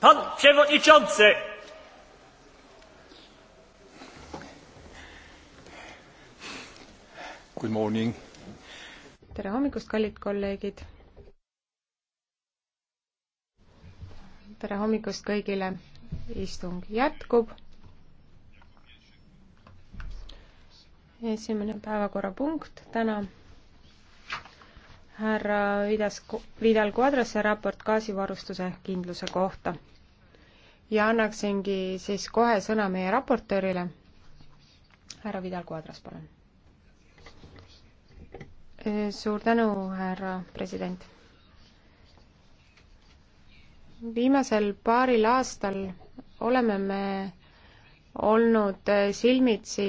Pan przewodniczący! Good morning. tere hommikust, kallid kolleegid! tere hommikust kõigile! istung jätkub. esimene päevakorrapunkt täna härra Vidas, Vidal Quadrase raport gaasivarustuse kindluse kohta. ja annaksingi siis kohe sõna meie raportöörile. härra Vidal Quadras, palun. suur tänu, härra president. viimasel paaril aastal oleme me olnud silmitsi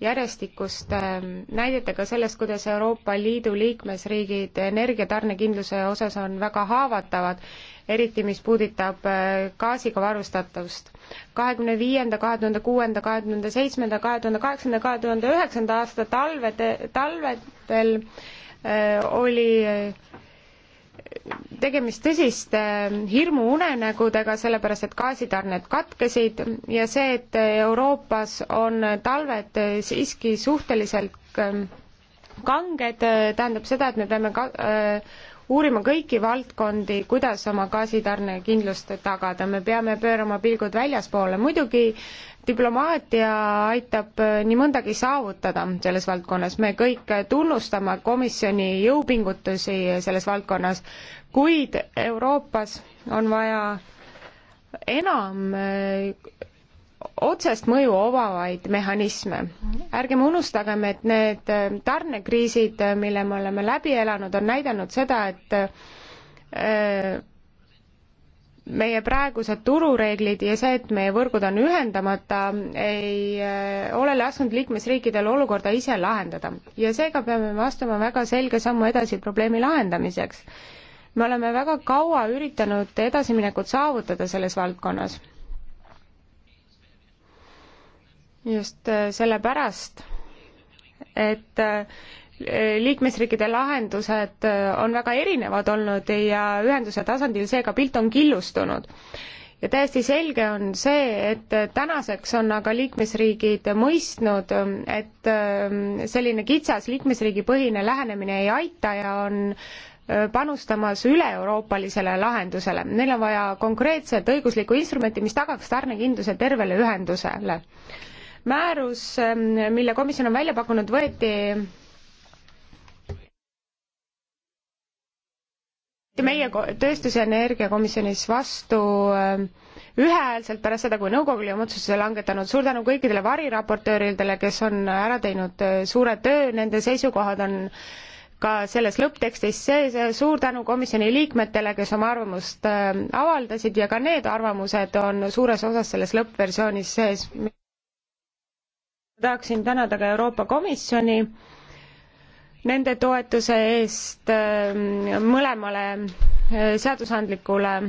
järjestikust ähm, näidetega sellest, kuidas Euroopa Liidu liikmesriigid energiatarnekindluse osas on väga haavatavad, eriti mis puudutab äh, gaasiga varustatust. kahekümne viienda, kahe tuhande kuuenda, kahe tuhande seitsmenda, kahe tuhande kaheksanda, kahe tuhande üheksanda aasta talvede, talvedel äh, oli äh, tegemist tõsiste hirmuunenägudega, sellepärast et gaasitarned katkesid ja see, et Euroopas on talved siiski suhteliselt ähm, kanged, tähendab seda, et me peame ka, äh, uurima kõiki valdkondi, kuidas oma gaasitarnekindlust tagada, me peame pöörama pilgud väljaspoole, muidugi diplomaatia aitab äh, nii mõndagi saavutada selles valdkonnas, me kõik tunnustame komisjoni jõupingutusi selles valdkonnas, kuid Euroopas on vaja enam äh, otsest mõju omavaid mehhanisme. ärgem unustagem, et need äh, tarnekriisid, äh, mille me oleme läbi elanud, on näidanud seda, et äh, meie praegused turureeglid ja see, et meie võrgud on ühendamata, ei ole lasknud liikmesriikidel olukorda ise lahendada. ja seega peame me astuma väga selge sammu edasi probleemi lahendamiseks. me oleme väga kaua üritanud edasiminekut saavutada selles valdkonnas just äh, sellepärast, et äh, liikmesriikide lahendused äh, on väga erinevad olnud ja ühenduse tasandil seega pilt on killustunud. ja täiesti selge on see, et tänaseks on aga liikmesriigid mõistnud, et selline kitsas liikmesriigipõhine lähenemine ei aita ja on panustamas üle-euroopalisele lahendusele. Neil on vaja konkreetset õiguslikku instrumenti, mis tagaks tarnekindluse tervele ühendusele määrus, ähm, mille komisjon on välja pakkunud, võeti meie tööstus- ja energiakomisjonis vastu ähm, ühehäälselt pärast seda, kui nõukogu oli oma otsuse langetanud. suur tänu kõikidele variraportööridele, kes on ära teinud äh, suure töö, nende seisukohad on ka selles lõpptekstis sees. suur tänu komisjoni liikmetele, kes oma arvamust äh, avaldasid ja ka need arvamused on suures osas selles lõppversioonis sees tahaksin tänada ka Euroopa Komisjoni nende toetuse eest ähm, mõlemale äh, seadusandlikule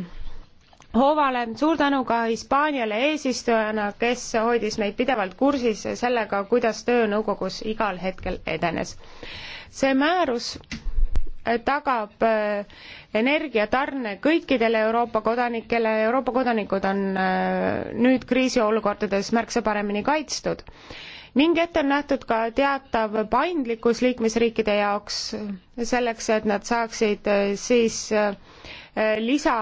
hoovale. suur tänu ka Hispaaniale eesistujana, kes hoidis meid pidevalt kursis sellega, kuidas töö nõukogus igal hetkel edenes. see määrus äh, tagab äh, energiatarne kõikidele Euroopa kodanikele, Euroopa kodanikud on nüüd kriisiolukordades märksa paremini kaitstud ning ette on nähtud ka teatav paindlikkus liikmesriikide jaoks selleks, et nad saaksid äh, siis äh, lisa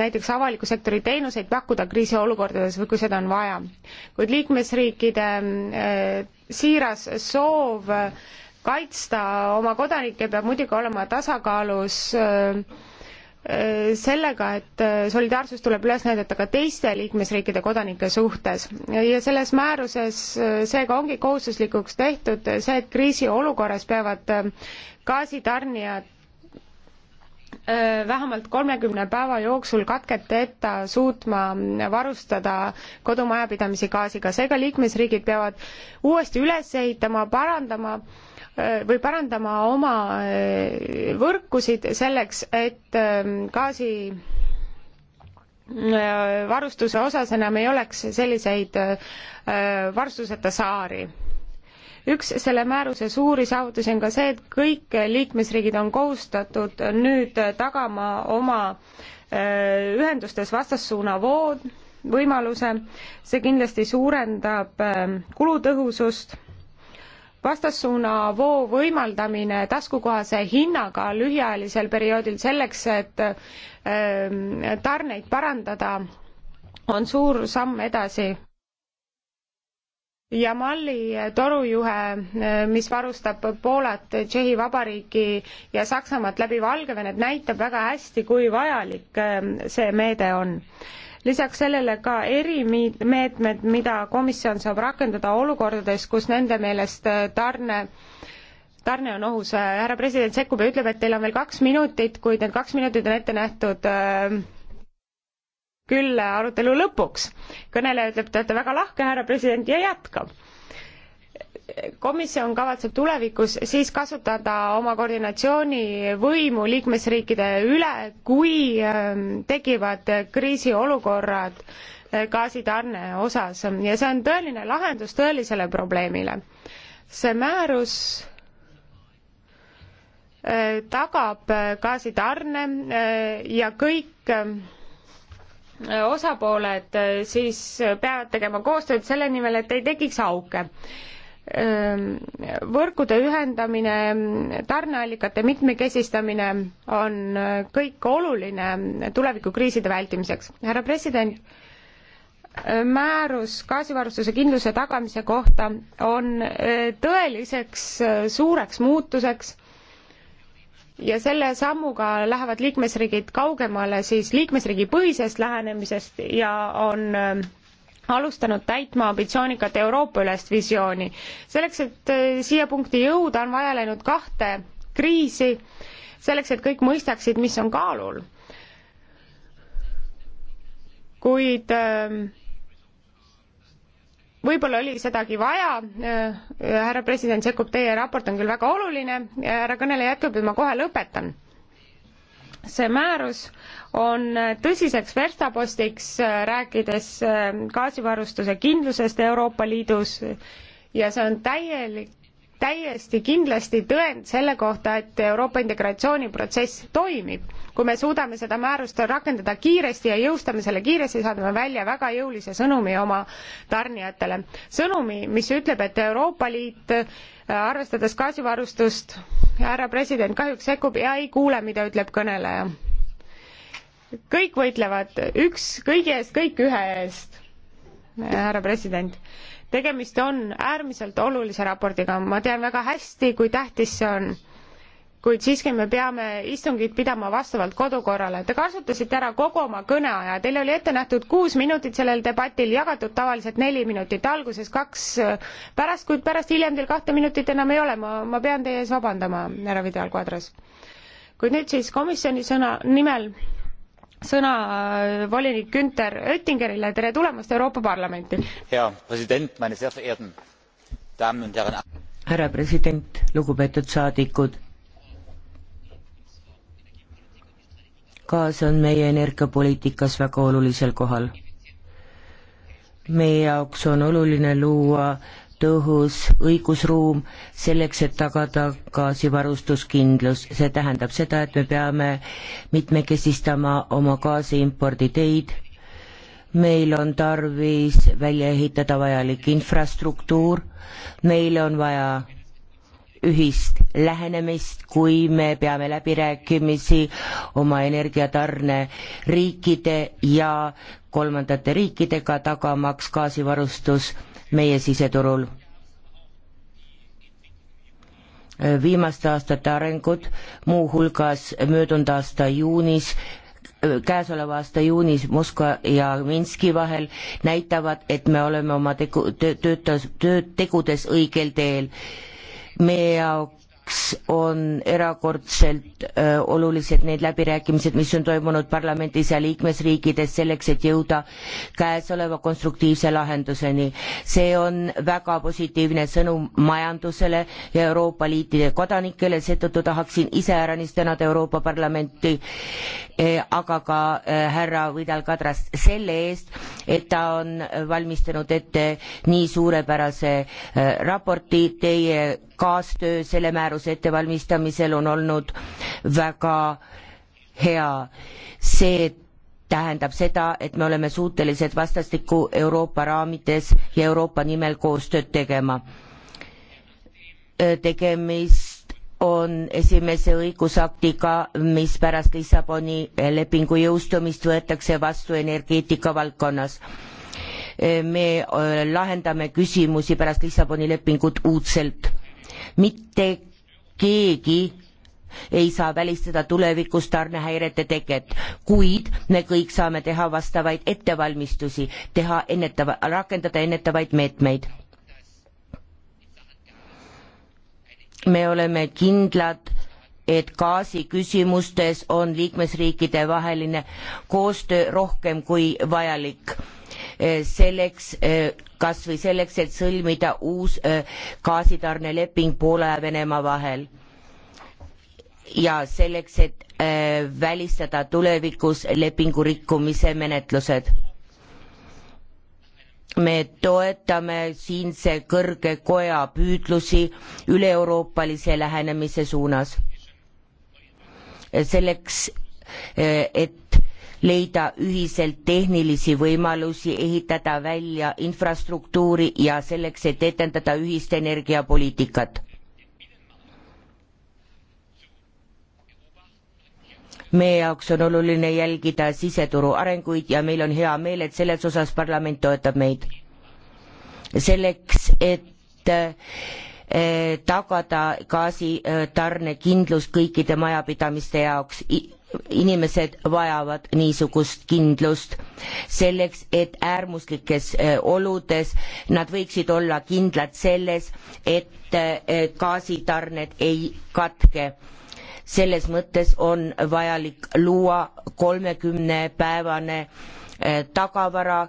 näiteks avaliku sektori teenuseid pakkuda kriisiolukordades või kui seda on vaja. kuid liikmesriikide äh, siiras soov kaitsta oma kodanikke peab muidugi olema tasakaalus äh, Äh, sellega, et äh, solidaarsus tuleb üles näidata ka teiste liikmesriikide kodanike suhtes ja selles määruses äh, seega ongi kohustuslikuks tehtud see, et kriisiolukorras peavad gaasitarnijad vähemalt kolmekümne päeva jooksul katketeta suutma varustada kodumajapidamisi gaasiga, seega liikmesriigid peavad uuesti üles ehitama, parandama äh, Äh, või parandama oma äh, võrkusid selleks, et ähm, gaasi äh, varustuse osas enam ei oleks selliseid varustuseta saari. üks selle määruse suuri saavutusi on ka see, et kõik liikmesriigid on kohustatud nüüd tagama oma ühendustes vastassuunavood, võimaluse, see kindlasti suurendab kulutõhusust vastassuunavoo võimaldamine taskukohase hinnaga lühiajalisel perioodil selleks, et ähm, tarneid parandada, on suur samm edasi. Jamali torujuhe, äh, mis varustab Poolat, Tšehhi Vabariiki ja Saksamaad läbi Valgevenet, näitab väga hästi, kui vajalik äh, see meede on lisaks sellele ka erimeetmed, mida komisjon saab rakendada olukordades, kus nende meelest äh, tarne tarne on ohus, härra president sekkub ja ütleb, et teil on veel kaks minutit, kuid need kaks minutit on ette nähtud äh, küll arutelu lõpuks. kõneleja ütleb, te olete väga lahke, härra president, ja jätkab komisjon kavatseb tulevikus siis kasutada oma koordinatsioonivõimu liikmesriikide üle, kui ähm, tekivad kriisiolukorrad äh, gaasitarne osas ja see on tõeline lahendus tõelisele probleemile. see määrus äh, tagab äh, gaasitarne ja kõik osapooled siis peavad tegema koostööd selle nimel, et ei tekiks auke võrkude ühendamine, tarneallikate mitmekesistamine on kõik oluline tulevikukriiside vältimiseks. härra president, määrus gaasivarustuse kindluse tagamise kohta on tõeliseks suureks muutuseks ja selle sammuga lähevad liikmesriigid kaugemale siis liikmesriigi põhisest lähenemisest ja on alustanud täitma ambitsioonikat Euroopa-ülest visiooni. selleks, et äh, siia punkti jõuda, on vaja läinud kahte kriisi, selleks, et kõik mõistaksid, mis on kaalul. kuid ähm, võib-olla oli sedagi vaja, äh, härra president sekkub, teie raport on küll väga oluline, äh, härra kõneleja jätkab ja ma kohe lõpetan see määrus on tõsiseks verstapostiks, äh, rääkides äh, gaasivarustuse kindlusest Euroopa Liidus ja see on täielik, täiesti kindlasti tõend selle kohta, et Euroopa integratsiooniprotsess toimib kui me suudame seda määrust rakendada kiiresti ja jõustame selle kiiresti, saadame välja väga jõulise sõnumi oma tarnijatele. sõnumi, mis ütleb, et Euroopa Liit äh, arvestades gaasivarustust, härra president kahjuks sekkub ja ei kuule, mida ütleb kõneleja. kõik võitlevad, üks kõigi eest, kõik ühe eest, härra president tegemist on äärmiselt olulise raportiga, ma tean väga hästi, kui tähtis see on kuid siiski me peame istungit pidama vastavalt kodukorrale. Te kasutasite ära kogu oma kõneaja, teil oli ette nähtud kuus minutit sellel debatil, jagatud tavaliselt neli minutit, alguses kaks, pärast, kuid pärast hiljem teil kahte minutit enam ei ole, ma, ma pean teie ees vabandama, härra Vidal Quadras. kuid nüüd siis komisjoni sõna, nimel sõna äh, volinik Günther Oettingerile, tere tulemast Euroopa Parlamenti! hea president, meine sehr verehrten damen und herren! härra president, lugupeetud saadikud ka see on meie energiapoliitikas väga olulisel kohal. meie jaoks on oluline luua tõhus õigusruum selleks, et tagada gaasivarustuskindlus. see tähendab seda, et me peame mitmekesistama oma gaasiimporditeid, meil on tarvis välja ehitada vajalik infrastruktuur, meil on vaja ühist lähenemist, kui me peame läbirääkimisi oma energiatarne riikide ja kolmandate riikidega, tagamaks gaasivarustus meie siseturul. viimaste aastate arengud, muuhulgas möödunud aasta juunis käesoleva aasta juunis Moskva ja Minski vahel näitavad, et me oleme oma tegu, töötas, töö, tegudes õigel teel meie jaoks on erakordselt öö, olulised need läbirääkimised, mis on toimunud parlamendis ja liikmesriikides selleks, et jõuda käesoleva konstruktiivse lahenduseni. see on väga positiivne sõnum majandusele ja Euroopa Liitide kodanikele, seetõttu tahaksin iseäranis tänada Euroopa Parlamenti aga ka härra Vidal Kadrast selle eest, et ta on valmistanud ette nii suurepärase raporti, teie kaastöö selle määruse ettevalmistamisel on olnud väga hea. see tähendab seda, et me oleme suutelised vastastikku Euroopa raamides ja Euroopa nimel koostööd tegema. tegemist on esimese õigusaktiga, mis pärast Lissaboni lepingu jõustumist võetakse vastu energeetika valdkonnas me lahendame küsimusi pärast Lissaboni lepingut uudselt mitte keegi ei saa välistada tulevikus tarnehäirete teket, kuid me kõik saame teha vastavaid ettevalmistusi, teha ennetava, rakendada ennetavaid meetmeid. me oleme kindlad, et gaasi küsimustes on liikmesriikide vaheline koostöö rohkem kui vajalik Eh, selleks, eh, kas või selleks, et sõlmida uus eh, gaasitarneleping Poola ja Venemaa vahel. ja selleks, et välistada tulevikus lepingu rikkumise menetlused me toetame siinse kõrge koja püüdlusi üleeuroopalise lähenemise suunas. selleks, et leida ühiselt tehnilisi võimalusi, ehitada välja infrastruktuuri ja selleks, et etendada ühist energiapoliitikat. meie jaoks on oluline jälgida siseturu arenguid ja meil on hea meel, et selles osas parlament toetab meid. selleks, et eh, tagada gaasitarnekindlus eh, kõikide majapidamiste jaoks inimesed vajavad niisugust kindlust selleks, et äärmuslikes eh, oludes nad võiksid olla kindlad selles, et eh, gaasitarned ei katke. selles mõttes on vajalik luua kolmekümnepäevane eh, tagavara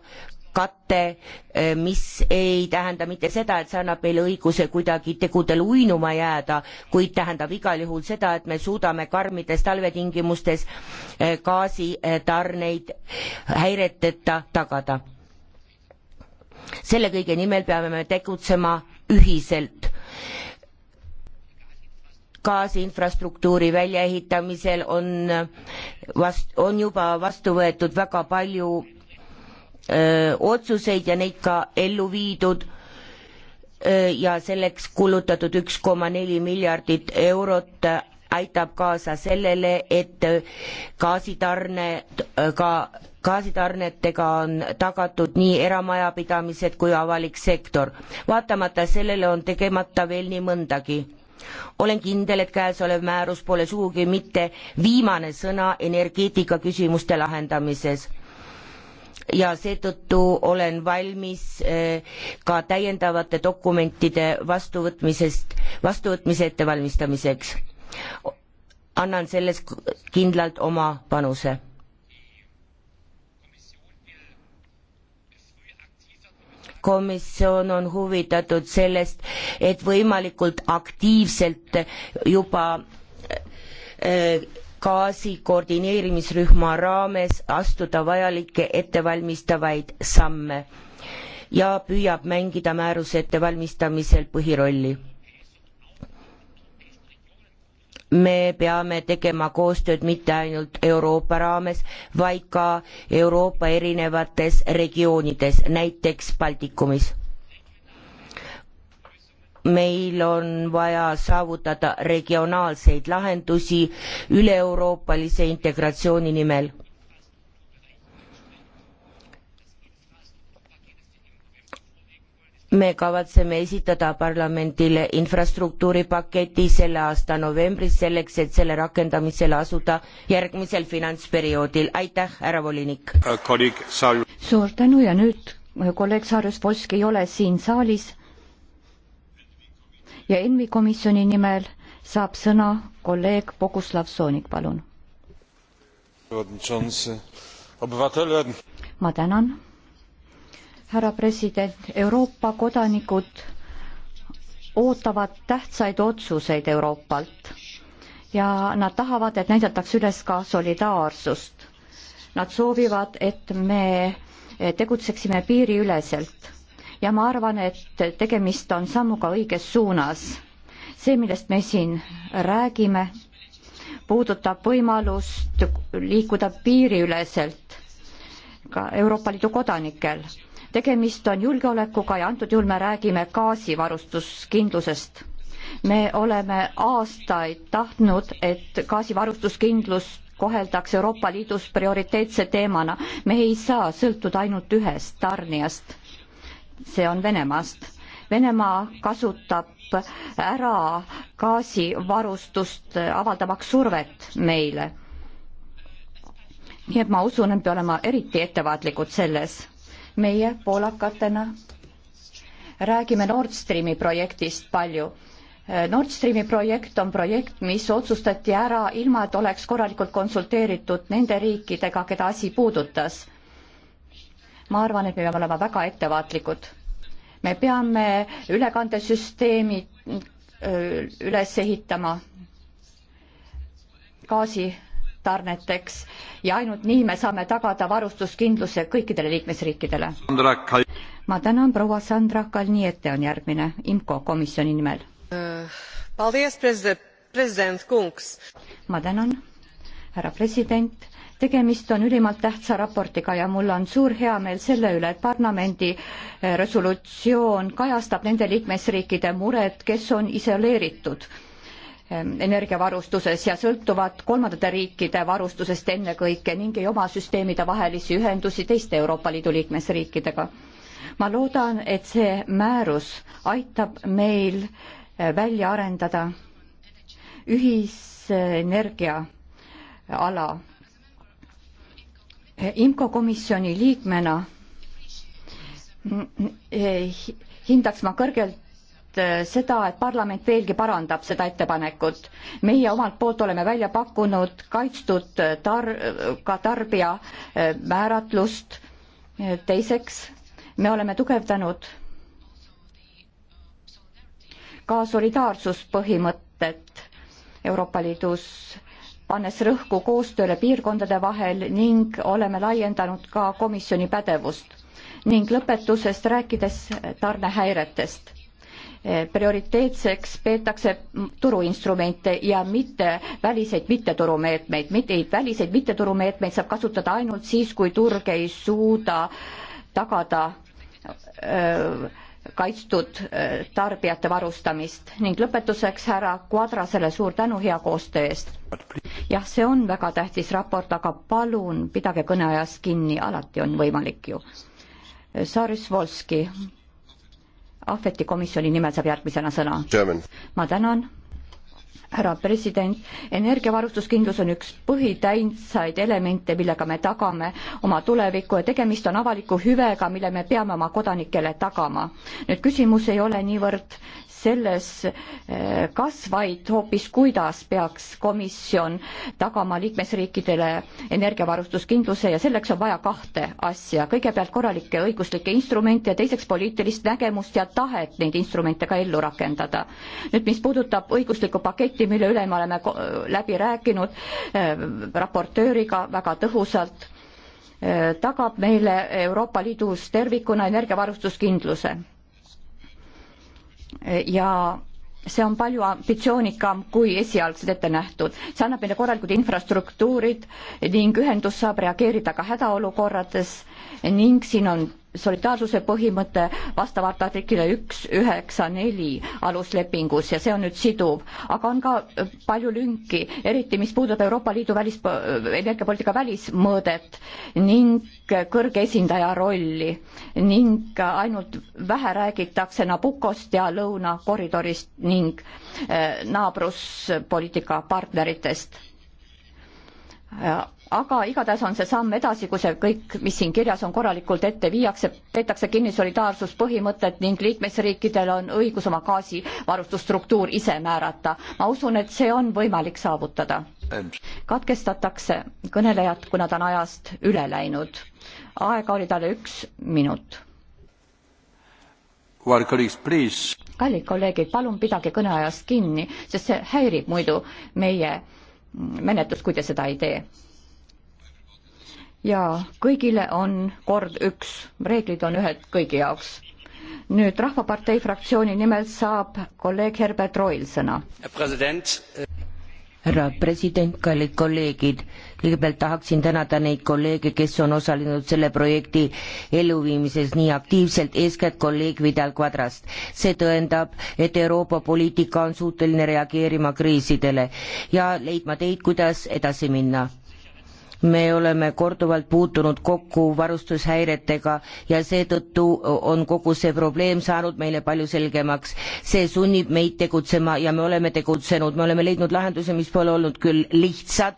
kate, eh, mis ei tähenda mitte seda, et see annab meile õiguse kuidagi tegudel uinuma jääda, kuid tähendab igal juhul seda, et me suudame karmides talvetingimustes eh, gaasitarneid eh, häireteta tagada. selle kõige nimel peame me tegutsema ühiselt gaasinfrastruktuuri väljaehitamisel on vast- on juba vastu võetud väga palju öö, otsuseid ja neid ka ellu viidud öö, ja selleks kulutatud üks koma neli miljardit eurot aitab kaasa sellele, et gaasitarne ka gaasitarnetega on tagatud nii eramajapidamised kui avalik sektor. vaatamata sellele on tegemata veel nii mõndagi. olen kindel, et käesolev määrus pole sugugi mitte viimane sõna energeetika küsimuste lahendamises ja seetõttu olen valmis eh, ka täiendavate dokumentide vastuvõtmisest, vastuvõtmise ettevalmistamiseks. annan selles kindlalt oma panuse. komisjon on huvitatud sellest, et võimalikult aktiivselt juba äh, gaasi koordineerimisrühma raames astuda vajalikke ettevalmistavaid samme ja püüab mängida määruse ettevalmistamisel põhirolli. me peame tegema koostööd mitte ainult Euroopa raames, vaid ka Euroopa erinevates regioonides, näiteks Baltikumis meil on vaja saavutada regionaalseid lahendusi üleeuroopalise integratsiooni nimel. me kavatseme esitada parlamendile infrastruktuuripaketi selle aasta novembris selleks, et selle rakendamisele asuda järgmisel finantsperioodil. aitäh, härra volinik! Äh, suur tänu ja nüüd kolleeg Saarjus Volski ei ole siin saalis ja ENMi komisjoni nimel saab sõna kolleeg Boguslav Soonik, palun. ma tänan, härra president, Euroopa kodanikud ootavad tähtsaid otsuseid Euroopalt ja nad tahavad, et näidataks üles ka solidaarsust. Nad soovivad, et me tegutseksime piiriüleselt ja ma arvan, et tegemist on sammuga õiges suunas. see, millest me siin räägime, puudutab võimalust liikuda piiriüleselt ka Euroopa Liidu kodanikel. tegemist on julgeolekuga ja antud juhul me räägime gaasivarustuskindlusest me oleme aastaid tahtnud, et gaasivarustuskindlust koheldaks Euroopa Liidus prioriteetse teemana. me ei saa sõltuda ainult ühest tarnijast see on Venemaast. Venemaa kasutab ära gaasivarustust, avaldamaks survet meile. nii et ma usun, et me oleme eriti ettevaatlikud selles. meie poolakatena räägime Nord Streami projektist palju Nord Streami projekt on projekt, mis otsustati ära ilma, et oleks korralikult konsulteeritud nende riikidega, keda asi puudutas ma arvan, et me peame olema väga ettevaatlikud. me peame ülekandesüsteemid äh, üles ehitama gaasitarneteks ja ainult nii me saame tagada varustuskindluse kõikidele liikmesriikidele. ma tänan, proua Sandra Kalniete on järgmine IMCO komisjoni nimel uh,. ma tänan, härra president tegemist on ülimalt tähtsa raportiga ja mul on suur heameel selle üle, et parlamendi eh, resolutsioon kajastab nende liikmesriikide mured, kes on isoleeritud ehm, energiavarustuses ja sõltuvad kolmandate riikide varustusest ennekõike ning ei oma süsteemide vahelisi ühendusi teiste Euroopa Liidu liikmesriikidega. ma loodan, et see määrus aitab meil eh, välja arendada ühisenergia ala IMCO komisjoni liikmena e, hindaks ma kõrgelt e, seda, et parlament veelgi parandab seda ettepanekut. meie omalt poolt oleme välja pakkunud kaitstud tar-, ka tarbija e, määratlust. teiseks, me oleme tugevdanud ka solidaarsuspõhimõtet Euroopa Liidus pannes rõhku koostööle piirkondade vahel ning oleme laiendanud ka komisjoni pädevust ning lõpetusest rääkides tarnehäiretest. Eh, prioriteetseks peetakse turuinstrumente ja mitte väliseid mitteturumeetmeid, mitte väliseid mitteturumeetmeid saab kasutada ainult siis, kui turg ei suuda tagada öö, eh, kaitstud äh, tarbijate varustamist ning lõpetuseks härra Quadrasele suur tänu hea koostöö eest. jah, see on väga tähtis raport, aga palun pidage kõneajast kinni, alati on võimalik ju. Saris Volski, Ahveti komisjoni nimel saab järgmisena sõna. ma tänan härra president, energiavarustuskindlus on üks põhitähtsaid elemente, millega me tagame oma tulevikku ja tegemist on avaliku hüvega, mille me peame oma kodanikele tagama. nüüd küsimus ei ole niivõrd selles, eh, kas, vaid hoopis kuidas peaks komisjon tagama liikmesriikidele energiavarustuskindluse ja selleks on vaja kahte asja. kõigepealt korralikke õiguslikke instrumente ja teiseks poliitilist nägemust ja tahet neid instrumente ka ellu rakendada. nüüd, mis puudutab õiguslikku paketti, mille üle me oleme läbi rääkinud äh, raportööriga väga tõhusalt eh, tagab meile Euroopa Liidus tervikuna energiavarustuskindluse ja see on palju ambitsioonikam kui esialgselt ette nähtud. see annab meile korralikud infrastruktuurid ning ühendus saab reageerida ka hädaolukorrades ning siin on solidaarsuse põhimõte vastavalt artiklile üks üheksa neli aluslepingus ja see on nüüd siduv, aga on ka äh, palju lünki, eriti mis puudutab Euroopa Liidu välis, energiapoliitika välismõõdet ning kõrge esindaja rolli ning ainult vähe räägitakse Nabukost ja Lõunakoridorist ning äh, naabruspoliitika partneritest äh, aga igatahes on see samm edasi, kui see kõik, mis siin kirjas on, korralikult ette viiakse, peetakse kinni solidaarsuspõhimõtet ning liikmesriikidel on õigus oma gaasivarustusstruktuur ise määrata. ma usun, et see on võimalik saavutada. katkestatakse kõnelejad, kuna ta on ajast üle läinud. aega oli talle üks minut. kallid kolleegid, palun pidage kõneajast kinni, sest see häirib muidu meie menetlust, kui te seda ei tee ja kõigile on kord üks, reeglid on ühed kõigi jaoks. nüüd Rahvapartei fraktsiooni nimel saab kolleeg Herbert Roil sõna. Äh, härra president, kallid kolleegid, kõigepealt tahaksin tänada neid kolleege, kes on osalenud selle projekti elluviimises nii aktiivselt, eeskätt kolleeg Vidal Quadrast. see tõendab, et Euroopa poliitika on suuteline reageerima kriisidele ja leidma teid, kuidas edasi minna me oleme korduvalt puutunud kokku varustushäiretega ja seetõttu on kogu see probleem saanud meile palju selgemaks. see sunnib meid tegutsema ja me oleme tegutsenud, me oleme leidnud lahendusi, mis pole olnud küll lihtsad,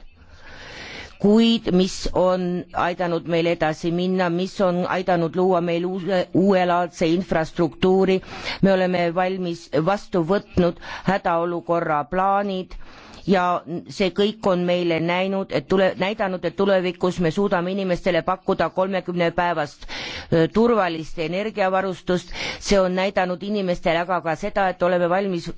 kuid mis on aidanud meil edasi minna, mis on aidanud luua meil uue, uuelaadse infrastruktuuri, me oleme valmis vastu võtnud hädaolukorra plaanid ja see kõik on meile näinud, et tule, näidanud, et tulevikus me suudame inimestele pakkuda kolmekümne päevast äh, turvalist energiavarustust see on näidanud inimestele aga ka seda, et oleme valmis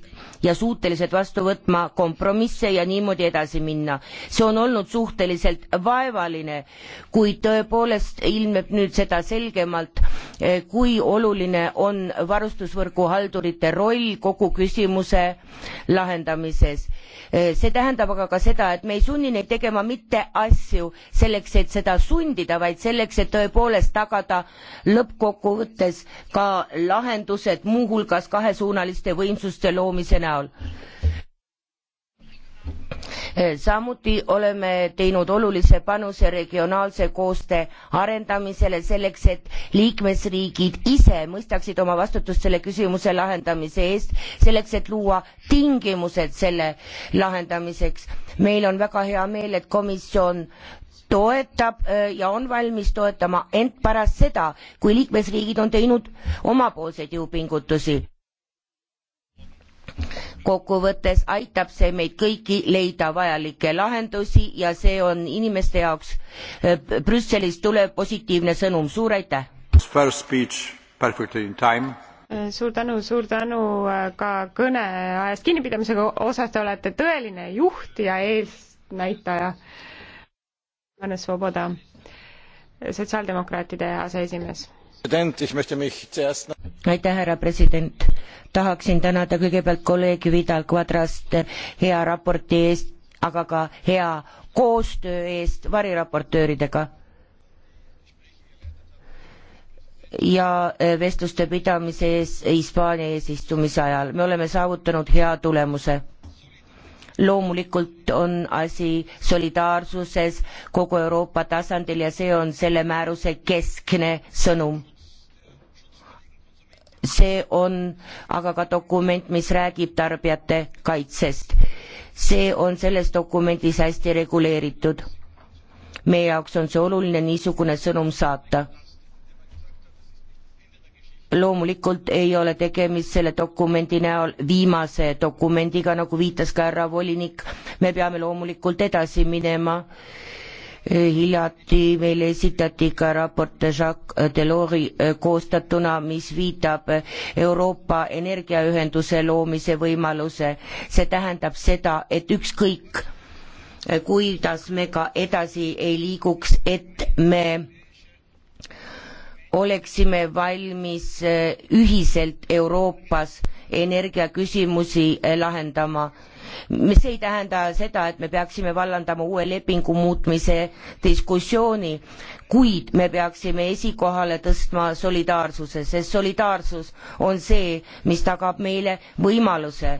ja suutelised vastu võtma kompromisse ja niimoodi edasi minna. see on olnud suhteliselt vaevaline, kuid tõepoolest ilmneb nüüd seda selgemalt, eh, kui oluline on varustusvõrgu haldurite roll kogu küsimuse lahendamises. Eh, see tähendab aga ka seda, et me ei sunni neid tegema mitte asju selleks, et seda sundida, vaid selleks, et tõepoolest tagada lõppkokkuvõttes ka lahendused, muuhulgas kahesuunaliste võimsuste loomise näol. samuti oleme teinud olulise panuse regionaalse koostöö arendamisele selleks, et liikmesriigid ise mõistaksid oma vastutust selle küsimuse lahendamise eest, selleks et luua tingimused selle lahendamiseks. meil on väga hea meel, et komisjon toetab äh, ja on valmis toetama ent pärast seda kui liikmesriigid on teinud omapoolseid jõupingutusi kokkuvõttes aitab see meid kõiki leida vajalikke lahendusi ja see on inimeste jaoks äh, brüsselist tulev positiivne sõnum suur aitäh äh, suur tänu suur tänu ka kõneajast kinnipidamisega osas te olete tõeline juht ja eesnäitaja Anne Svoboda, sotsiaaldemokraatide aseesimees aitäh härra president tahaksin tänada kõigepealt kolleeg vidal quadrast hea raporti eest aga ka hea koostöö eest variraportööridega ja vestluste pidamise eest hispaania eesistumise ajal me oleme saavutanud hea tulemuse loomulikult on asi solidaarsuses kogu Euroopa tasandil ja see on selle määruse keskne sõnum see on aga ka dokument, mis räägib tarbijate kaitsest. see on selles dokumendis hästi reguleeritud. meie jaoks on see oluline niisugune sõnum saata loomulikult ei ole tegemist selle dokumendi näol viimase dokumendiga, nagu viitas ka härra volinik, me peame loomulikult edasi minema. hiljuti meile esitati ka raport Jacques Delors'i eh, koostatuna, mis viitab Euroopa energiaühenduse loomise võimaluse. see tähendab seda, et ükskõik, eh, kuidas me ka edasi ei liiguks, et me oleksime valmis äh, ühiselt Euroopas energiaküsimusi äh, lahendama. mis ei tähenda seda, et me peaksime vallandama uue lepingu muutmise diskussiooni, kuid me peaksime esikohale tõstma solidaarsuse, sest solidaarsus on see, mis tagab meile võimaluse,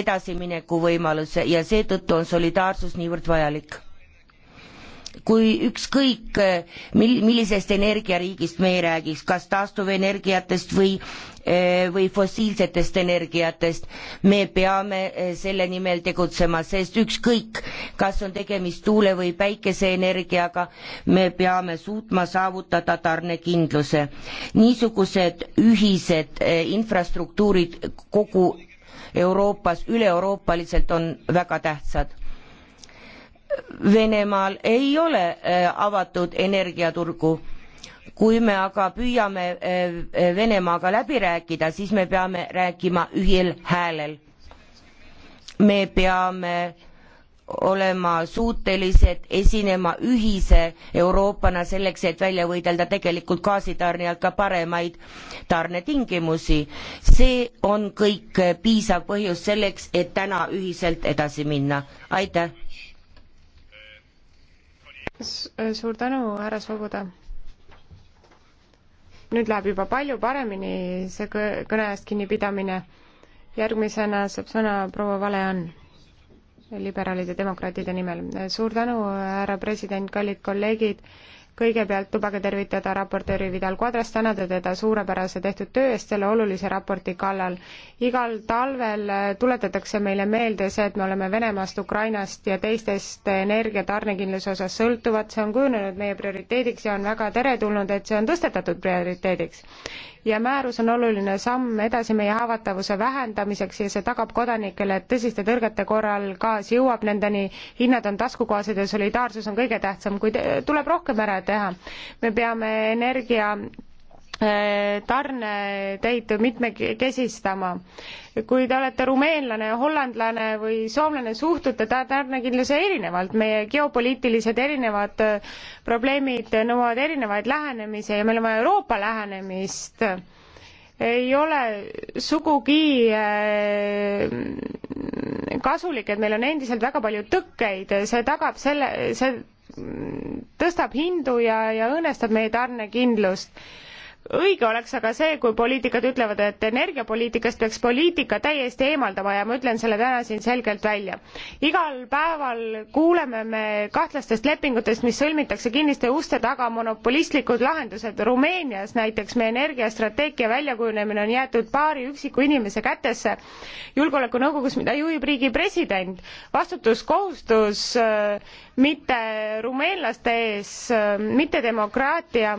edasiminekuvõimaluse ja seetõttu on solidaarsus niivõrd vajalik kui ükskõik eh, mil-, millisest energiariigist me ei räägiks, kas taastuvenergiatest või eh, või fossiilsetest energiatest, me peame eh, selle nimel tegutsema, sest ükskõik, kas on tegemist tuule- või päikeseenergiaga, me peame suutma saavutada tarnekindluse. niisugused ühised infrastruktuurid kogu Euroopas, üle-euroopaliselt on väga tähtsad Venemaal ei ole äh, avatud energiaturgu. kui me aga püüame äh, äh, Venemaaga läbi rääkida, siis me peame rääkima ühel häälel. me peame olema suutelised esinema ühise Euroopana selleks, et välja võidelda tegelikult gaasitarnijalt ka paremaid tarnetingimusi. see on kõik piisav põhjus selleks, et täna ühiselt edasi minna. aitäh! suur tänu, härra Svoboda. nüüd läheb juba palju paremini see kõne eest kinnipidamine. järgmisena saab sõna proua Valean liberaalide demokraatide nimel. suur tänu, härra president, kallid kolleegid kõigepealt lubage tervitada raportööri Vidal Quadras, tänada teda suurepärase tehtud töö eest selle olulise raporti kallal. igal talvel äh, tuletatakse meile meelde see, et me oleme Venemaast, Ukrainast ja teistest energia tarnekindluse osas sõltuvad, see on kujunenud meie prioriteediks ja on väga teretulnud, et see on tõstetatud prioriteediks ja määrus on oluline samm edasi meie haavatavuse vähendamiseks ja see tagab kodanikele, et tõsiste tõrgete korral gaas jõuab nendeni, hinnad on taskukohased ja solidaarsus on kõige tähtsam, kuid eh, tuleb rohkem ära teha. me peame energia Äh, tarneteid mitmekesistama. kui te olete rumeenlane, hollandlane või soomlane, suhtute tarnekindluse erinevalt, meie geopoliitilised erinevad äh, probleemid nõuavad erinevaid lähenemisi ja meil on vaja Euroopa lähenemist ei ole sugugi äh, kasulik, et meil on endiselt väga palju tõkkeid, see tagab selle, see tõstab hindu ja, ja õõnestab meie tarnekindlust õige oleks aga see, kui poliitikad ütlevad, et energiapoliitikast peaks poliitika täiesti eemaldama ja ma ütlen selle täna siin selgelt välja. igal päeval kuuleme me kahtlastest lepingutest, mis sõlmitakse kinniste uste taga, monopolistlikud lahendused. Rumeenias näiteks meie energiastrateegia väljakujunemine on jäetud paari üksiku inimese kätesse julgeolekunõukogus, mida juhib riigi president. vastutuskohustus äh, mitte rumeenlaste ees, äh, mitte demokraatia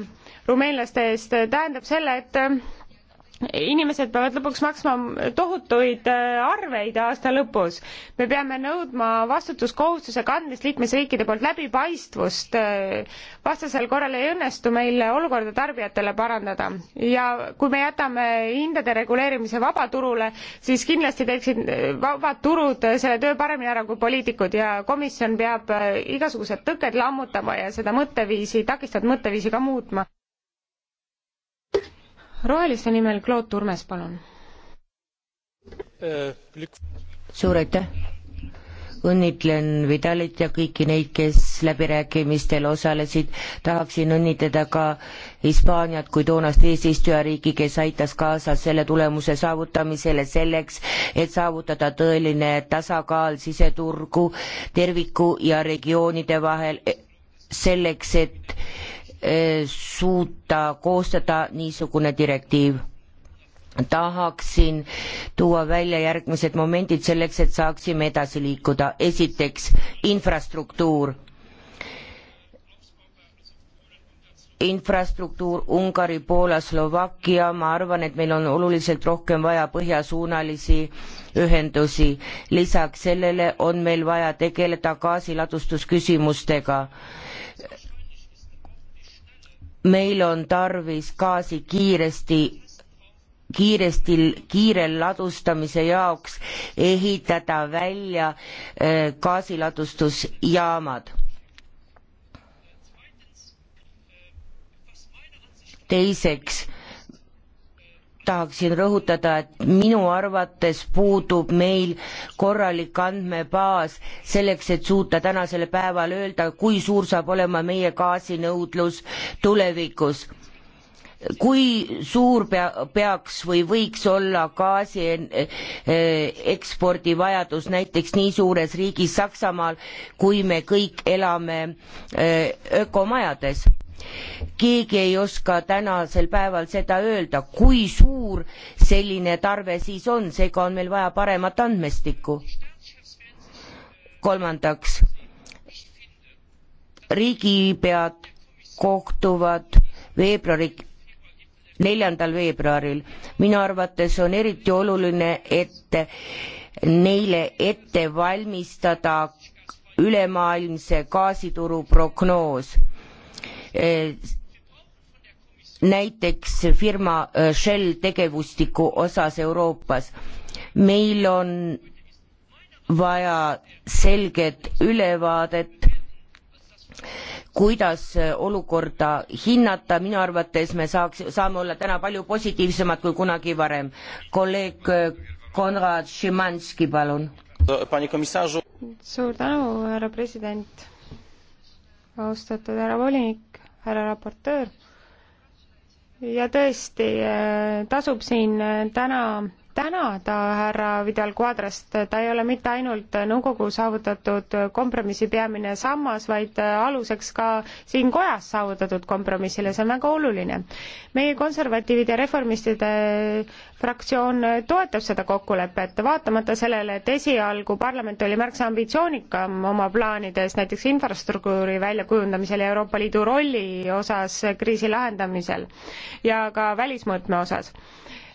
rumeenlaste eest, tähendab selle, et inimesed peavad lõpuks maksma tohutuid äh, arveid aasta lõpus. me peame nõudma vastutuskohustuse kandmist liikmesriikide poolt läbipaistvust, äh, vastasel korral ei õnnestu meil olukorda tarbijatele parandada. ja kui me jätame hindade reguleerimise vabaturule, siis kindlasti teeksid äh, vabad turud selle töö paremini ära kui poliitikud ja komisjon peab igasugused tõkked lammutama ja seda mõtteviisi, takistavat mõtteviisi ka muutma roheliste nimel Claude Turmes, palun. suur aitäh õnnitlen Vidalit ja kõiki neid, kes läbirääkimistel osalesid. tahaksin õnnitleda ka Hispaaniat kui toonast eesistujariiki, kes aitas kaasa selle tulemuse saavutamisele selleks, et saavutada tõeline tasakaal siseturgu, terviku ja regioonide vahel selleks, et Eh, suuta koostada niisugune direktiiv tahaksin tuua välja järgmised momendid selleks, et saaksime edasi liikuda. esiteks infrastruktuur. infrastruktuur Ungari, Poola, Slovakkia, ma arvan, et meil on oluliselt rohkem vaja põhjasuunalisi ühendusi. lisaks sellele on meil vaja tegeleda gaasiladustusküsimustega meil on tarvis gaasi kiiresti kiiresti, kiirel ladustamise jaoks ehitada välja äh, gaasiladustusjaamad. teiseks tahaksin rõhutada, et minu arvates puudub meil korralik andmebaas selleks, et suuta tänasel päeval öelda, kui suur saab olema meie gaasinõudlus tulevikus. kui suur pea, peaks või võiks olla gaasi eh, ekspordi vajadus näiteks nii suures riigis Saksamaal, kui me kõik elame eh, ökomajades? keegi ei oska tänasel päeval seda öelda, kui suur selline tarve siis on, seega on meil vaja paremat andmestikku. kolmandaks, riigipead kohtuvad veebruari neljandal veebruaril. minu arvates on eriti oluline, et neile ette valmistada ülemaailmse gaasituru prognoos Eh, näiteks firma eh, Shell tegevustiku osas Euroopas. meil on vaja selget ülevaadet, kuidas eh, olukorda hinnata, minu arvates me saaks, saame olla täna palju positiivsemad kui kunagi varem. kolleeg Konrad Šimanski, palun. suur tänu, härra president. austatud härra volinik härra raportöör ja tõesti eh, tasub siin eh, täna tänada härra Vidal Quadrast, ta ei ole mitte ainult nõukogu saavutatud kompromissi peamine sammas, vaid aluseks ka siin kojas saavutatud kompromissile, see on väga oluline. meie konservatiivide ja reformistide fraktsioon toetab seda kokkulepet, vaatamata sellele, et esialgu parlament oli märksa ambitsioonikam oma plaanides, näiteks infrastruktuuri väljakujundamisel ja Euroopa Liidu rolli osas kriisi lahendamisel ja ka välismõõtme osas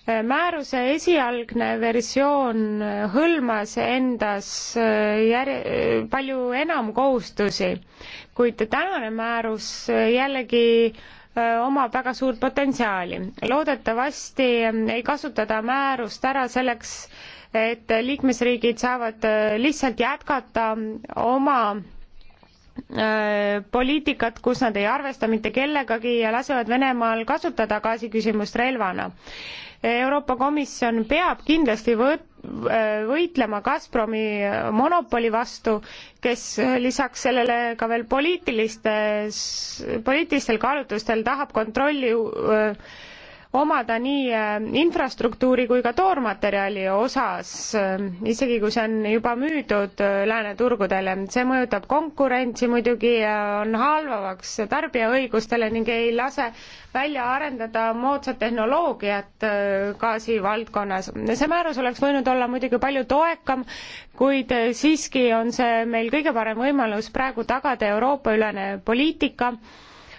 määruse esialgne versioon hõlmas endas äh, järje, äh, palju enam kohustusi, kuid tänane määrus äh, jällegi omab väga suurt potentsiaali. loodetavasti ei kasutada määrust ära selleks, et liikmesriigid saavad lihtsalt jätkata oma poliitikat, kus nad ei arvesta mitte kellegagi ja lasevad Venemaal kasutada gaasiküsimust relvana Euroopa Komisjon peab kindlasti võt-, võitlema Gazpromi monopoli vastu, kes lisaks sellele ka veel poliitilistes, poliitilistel kaalutlustel tahab kontrolli omada nii äh, infrastruktuuri kui ka toormaterjali osas, äh, isegi kui see on juba müüdud äh, lääne turgudele. see mõjutab konkurentsi muidugi ja on halvavaks tarbijaõigustele ning ei lase välja arendada moodsat tehnoloogiat gaasi valdkonnas. see määrus oleks võinud olla muidugi palju toekam, kuid siiski on see meil kõige parem võimalus praegu tagada Euroopa-ülene poliitika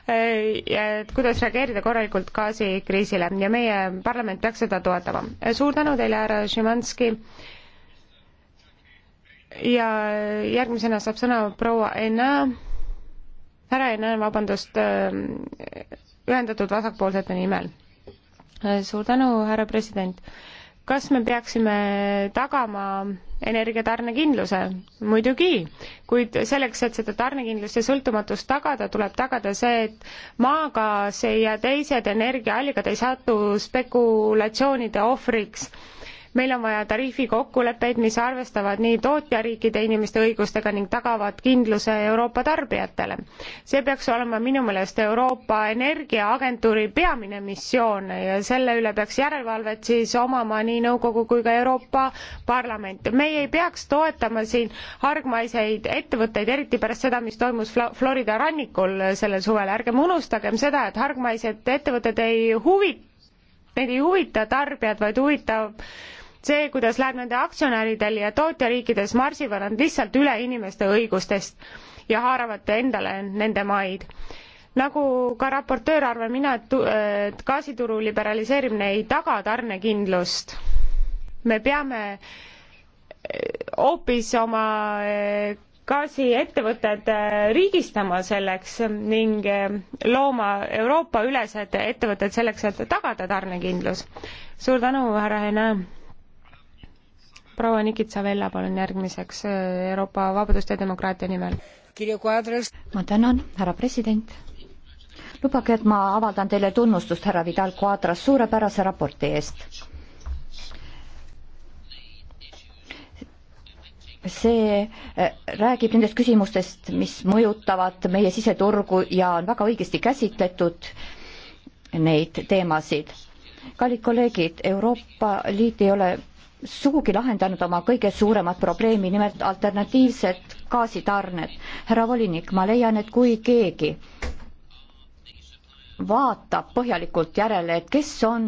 Äh, et kuidas reageerida korralikult gaasikriisile ja meie parlament peaks seda toetama. suur tänu teile, härra Šimanski. ja järgmisena saab sõna proua Enna, härra Enna, vabandust, äh, ühendatud vasakpoolsete nimel. Äh, suur tänu, härra president kas me peaksime tagama energiatarnekindluse? muidugi, kuid selleks, et seda tarnekindlust ja sõltumatust tagada, tuleb tagada see, et maagaas ja teised energiaallikad ei satu spekulatsioonide ohvriks meil on vaja tariifikokkuleppeid, mis arvestavad nii tootjariikide inimeste õigustega ning tagavad kindluse Euroopa tarbijatele. see peaks olema minu meelest Euroopa Energiaagentuuri peamine missioon ja selle üle peaks järelevalvet siis omama nii nõukogu kui ka Euroopa Parlament. meie ei peaks toetama siin hargmaiseid ettevõtteid, eriti pärast seda, mis toimus Florida rannikul sellel suvel, ärgem unustagem seda, et hargmaised ettevõtted ei huvi, neid ei huvita tarbijad, vaid huvitab see, kuidas läheb nende aktsionäridel ja tootjariikides, marsivad nad lihtsalt üle inimeste õigustest ja haaravad endale nende maid. nagu ka raportöör arvan mina, et äh, gaasituru liberaliseerimine ei taga tarnekindlust. me peame äh, hoopis oma äh, gaasiettevõtted riigistama selleks ning looma Euroopa-ülesed ettevõtted selleks, et tagada tarnekindlus. suur tänu, härra Hene proua Nikitsa Vella, palun järgmiseks äh, Euroopa Vabaduste ja Demokraatia nimel. ma tänan, härra president. lubage, et ma avaldan teile tunnustust härra Vidal Quadras suurepärase raporti eest. see äh, räägib nendest küsimustest, mis mõjutavad meie siseturgu ja on väga õigesti käsitletud neid teemasid kallid kolleegid, Euroopa Liit ei ole sugugi lahendanud oma kõige suuremat probleemi, nimelt alternatiivsed gaasitarned. härra volinik, ma leian, et kui keegi vaatab põhjalikult järele, et kes on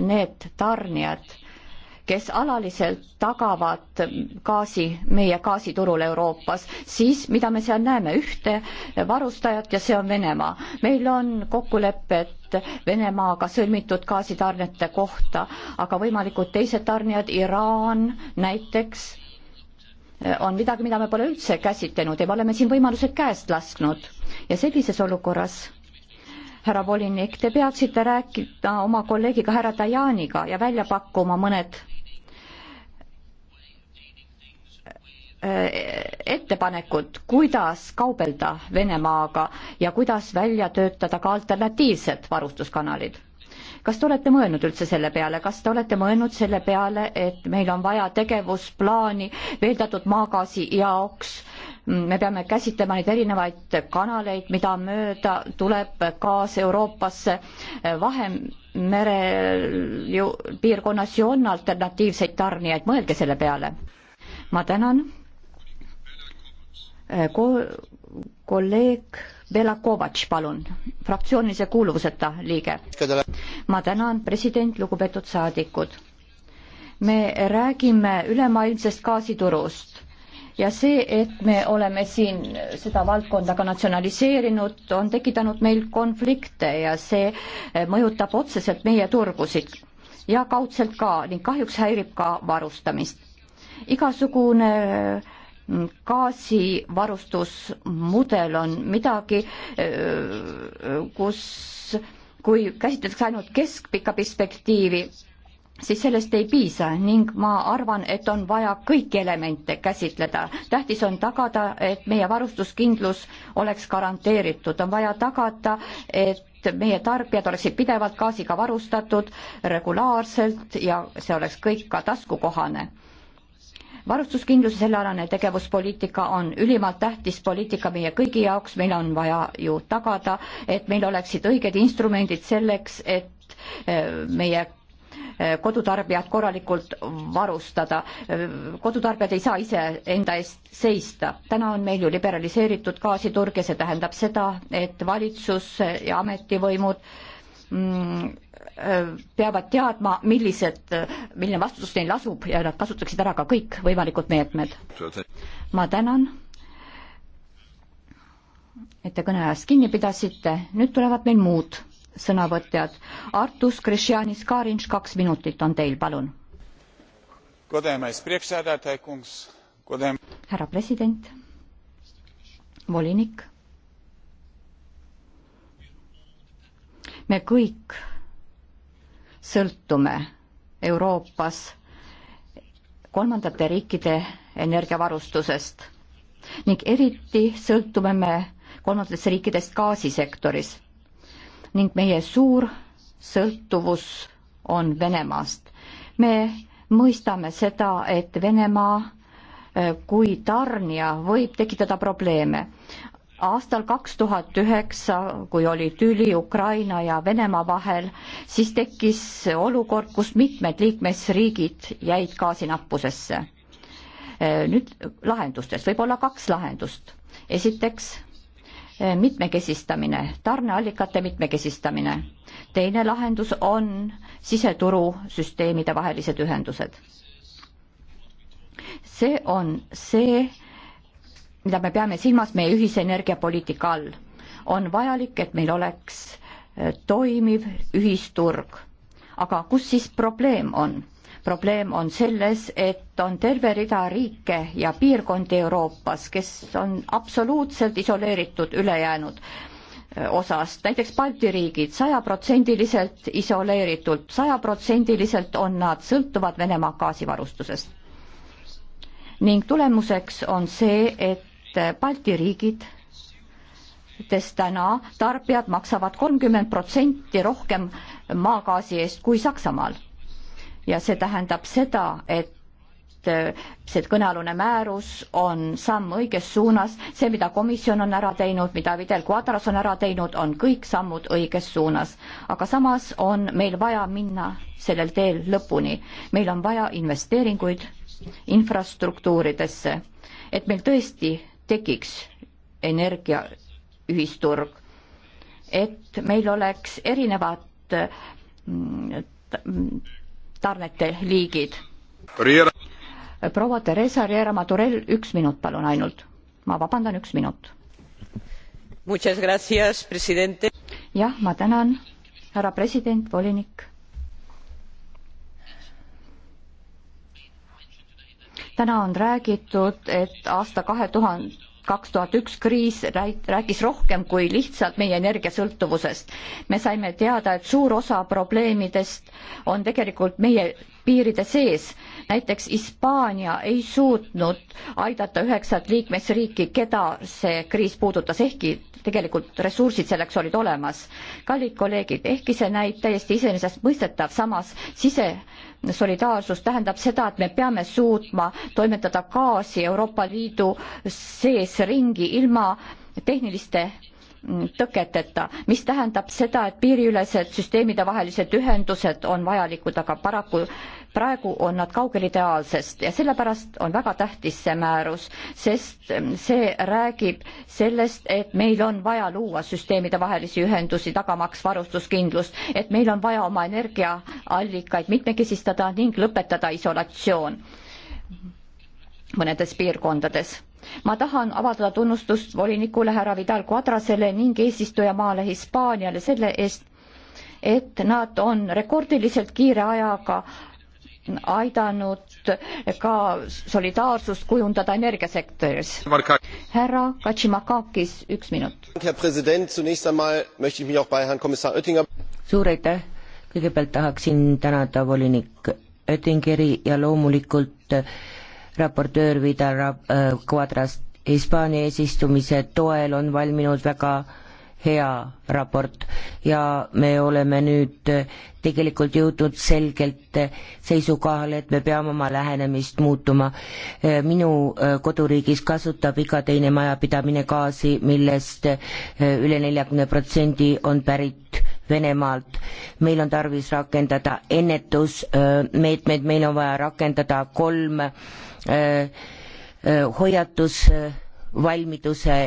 need tarnijad kes alaliselt tagavad gaasi, meie gaasiturul Euroopas, siis mida me seal näeme, ühte varustajat ja see on Venemaa. meil on kokkulepped Venemaaga sõlmitud gaasitarnete kohta, aga võimalikud teised tarnijad, Iraan näiteks, on midagi, mida me pole üldse käsitlenud ja me oleme siin võimalused käest lasknud. ja sellises olukorras härra volinik, te peaksite rääkida oma kolleegiga härra Tajaniga ja välja pakkuma mõned Äh, ettepanekut, kuidas kaubelda Venemaaga ja kuidas välja töötada ka alternatiivsed varustuskanalid. kas te olete mõelnud üldse selle peale, kas te olete mõelnud selle peale, et meil on vaja tegevusplaani veeldatud maagaasi jaoks, me peame käsitlema neid erinevaid kanaleid, mida mööda tuleb gaas Euroopasse, äh, Vahemere ju piirkonnas ju on alternatiivseid tarnijaid, mõelge selle peale. ma tänan Eh, kolleeg Bela Kovatš, palun, fraktsioonilise kuuluvuseta liige. ma tänan, president, lugupeetud saadikud. me räägime ülemaailmsest gaasiturust ja see, et me oleme siin seda valdkonda ka natsionaliseerinud, on tekitanud meil konflikte ja see eh, mõjutab otseselt meie turgusid ja kaudselt ka ning kahjuks häirib ka varustamist. igasugune eh, gaasivarustusmudel on midagi, kus, kui käsitletakse ainult keskpikka perspektiivi, siis sellest ei piisa ning ma arvan, et on vaja kõiki elemente käsitleda. tähtis on tagada, et meie varustuskindlus oleks garanteeritud, on vaja tagada, et meie tarbijad oleksid pidevalt gaasiga varustatud regulaarselt ja see oleks kõik ka taskukohane varustuskindluse sellealane tegevuspoliitika on ülimalt tähtis poliitika meie kõigi jaoks, meil on vaja ju tagada, et meil oleksid õiged instrumendid selleks, et eh, meie eh, kodutarbijad korralikult varustada. Eh, kodutarbijad ei saa ise enda eest seista. täna on meil ju liberaliseeritud gaasiturg ja see tähendab seda, et valitsus ja ametivõimud mm, peavad teadma, millised, milline vastutus neil lasub ja nad kasutaksid ära ka kõikvõimalikud meetmed. ma tänan, et te kõne ajast kinni pidasite, nüüd tulevad meil muud sõnavõtjad. Artus Krešjanis Karinš, kaks minutit on teil, palun. härra president, volinik me kõik sõltume Euroopas kolmandate riikide energiavarustusest ning eriti sõltume me kolmandatest riikidest gaasisektoris ning meie suur sõltuvus on Venemaast. me mõistame seda, et Venemaa eh, kui tarnija võib tekitada probleeme, aastal kaks tuhat üheksa, kui oli tüli Ukraina ja Venemaa vahel, siis tekkis olukord, kus mitmed liikmesriigid jäid gaasinappusesse. nüüd lahendustest, võib-olla kaks lahendust. esiteks mitmekesistamine, tarneallikate mitmekesistamine. teine lahendus on siseturusüsteemide vahelised ühendused. see on see, mida me peame silmas meie ühise energiapoliitika all, on vajalik, et meil oleks äh, toimiv ühisturg. aga kus siis probleem on? probleem on selles, et on terve rida riike ja piirkondi Euroopas, kes on absoluutselt isoleeritud ülejäänud äh, osast, näiteks Balti riigid sajaprotsendiliselt isoleeritult, sajaprotsendiliselt on nad sõltuvad Venemaa gaasivarustusest. ning tulemuseks on see, et et Balti riigid kes täna tarbijad maksavad kolmkümmend protsenti rohkem maagaasi eest kui Saksamaal. ja see tähendab seda, et see kõnealune määrus on samm õiges suunas, see, mida komisjon on ära teinud, mida Fidel Cuadras on ära teinud, on kõik sammud õiges suunas. aga samas on meil vaja minna sellel teel lõpuni. meil on vaja investeeringuid infrastruktuuridesse, et meil tõesti tekiks energiaühisturg, et meil oleks erinevad mm, tarnete liigid. proua Theresa Riera Madurell, üks minut palun ainult. ma vabandan, üks minut. jah, ma tänan, härra president, volinik täna on räägitud, et aasta kahe tuhande kaks tuhat üks kriis rääkis rohkem kui lihtsalt meie energiasõltuvusest. me saime teada, et suur osa probleemidest on tegelikult meie piiride sees. näiteks Hispaania ei suutnud aidata üheksat liikmesriiki, keda see kriis puudutas, ehkki tegelikult ressursid selleks olid olemas. kallid kolleegid, ehkki see näib täiesti iseenesestmõistetav, samas sise solidaarsus tähendab seda, et me peame suutma toimetada gaasi Euroopa Liidu sees ringi ilma tehniliste tõketeta, mis tähendab seda, et piiriülesed süsteemide vahelised ühendused on vajalikud, aga paraku praegu on nad kaugel ideaalsest ja sellepärast on väga tähtis see määrus, sest see räägib sellest, et meil on vaja luua süsteemide vahelisi ühendusi, tagamaks varustuskindlust, et meil on vaja oma energiaallikaid mitmekesistada ning lõpetada isolatsioon mõnedes piirkondades ma tahan avaldada tunnustust volinikule härra Vidal Quadrasele ning eesistujamaale Hispaaniale selle eest, et nad on rekordiliselt kiire ajaga aidanud ka solidaarsust kujundada energiasektoris. härra Katsimakakis, üks minut. suur aitäh, kõigepealt tahaksin tänada volinik Oettingeri ja loomulikult raportöör Vidal äh, Quadrast Hispaania eesistumise toel on valminud väga hea raport ja me oleme nüüd tegelikult jõudnud selgelt seisukohale, et me peame oma lähenemist muutuma. minu koduriigis kasutab iga teine majapidamine gaasi, millest üle neljakümne protsendi on pärit Venemaalt. meil on tarvis rakendada ennetusmeetmeid, meil on vaja rakendada kolm eh, eh, hoiatusvalmiduse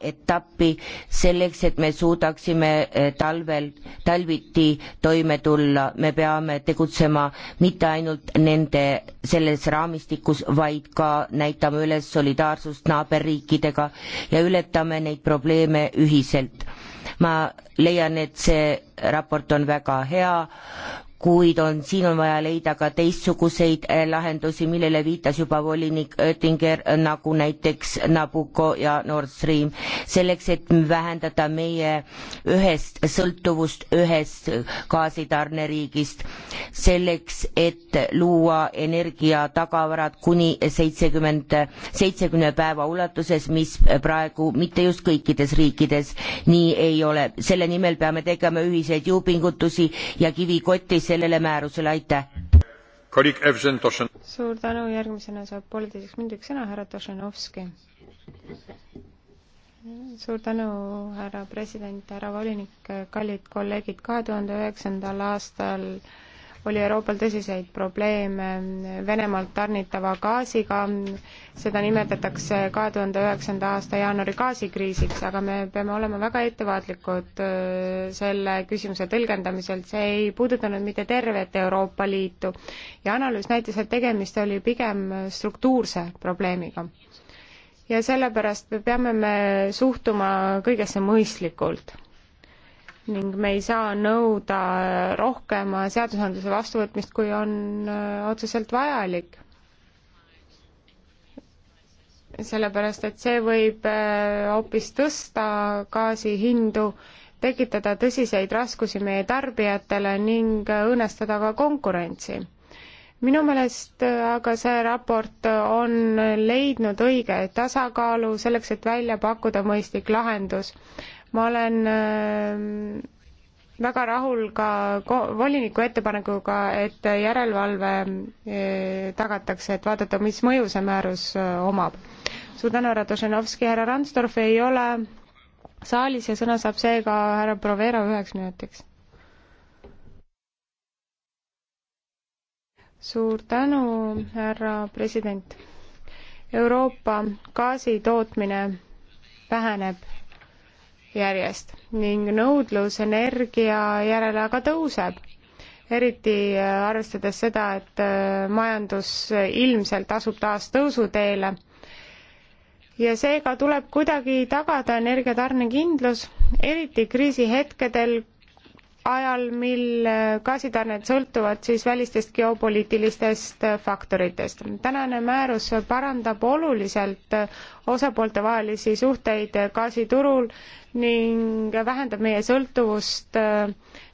etappi selleks, et me suudaksime eh, talvel, talviti toime tulla, me peame tegutsema mitte ainult nende, selles raamistikus, vaid ka näitame üles solidaarsust naaberriikidega ja ületame neid probleeme ühiselt. ma leian, et see raport on väga hea, kuid on, siin on vaja leida ka teistsuguseid eh, lahendusi, millele viitas juba volinik Oettinger, nagu näiteks Nabucco ja Nord Stream, selleks, et vähendada meie ühest sõltuvust ühest gaasitarneriigist, selleks, et luua energiatagavarad kuni seitsekümmend, seitsekümne päeva ulatuses, mis praegu mitte just kõikides riikides nii ei ole. selle nimel peame tegema ühiseid jõupingutusi ja kivi kotis sellele määrusele, aitäh! suur tänu, järgmisena saab pooleteiseks minutiks sõna härra Tošenovski. suur tänu, härra president, härra volinik, kallid kolleegid, kahe tuhande üheksandal aastal oli Euroopal tõsiseid probleeme Venemaalt tarnitava gaasiga, seda nimetatakse kahe tuhande üheksanda aasta jaanuari gaasikriisiks, aga me peame olema väga ettevaatlikud äh, selle küsimuse tõlgendamisel, see ei puudutanud mitte tervet Euroopa Liitu ja analüüs näitas, et tegemist oli pigem struktuurse probleemiga. ja sellepärast peame me suhtuma kõigesse mõistlikult ning me ei saa nõuda rohkema seadusandluse vastuvõtmist, kui on äh, otseselt vajalik. sellepärast, et see võib äh, hoopis tõsta gaasi hindu, tekitada tõsiseid raskusi meie tarbijatele ning õõnestada ka konkurentsi. minu meelest äh, aga see raport on leidnud õige tasakaalu selleks, et välja pakkuda mõistlik lahendus ma olen äh, väga rahul ka voliniku ettepanekuga, et järelevalve äh, tagatakse, et vaadata, mis mõju see määrus äh, omab. suur tänu, härra Tošenovski, härra Randstorf ei ole saalis ja sõna saab seega härra Provera üheks minutiks. suur tänu, härra president. Euroopa gaasitootmine väheneb järjest ning nõudlus energia järele aga tõuseb eriti äh, arvestades seda, et äh, majandus ilmselt asub taas tõusuteele. ja seega tuleb kuidagi tagada energiatarnekindlus, eriti kriisihetkedel, ajal, mil äh, gaasitarned sõltuvad siis välistest geopoliitilistest äh, faktoritest. tänane määrus parandab oluliselt äh, osapoolte vahelisi suhteid gaasiturul ning vähendab meie sõltuvust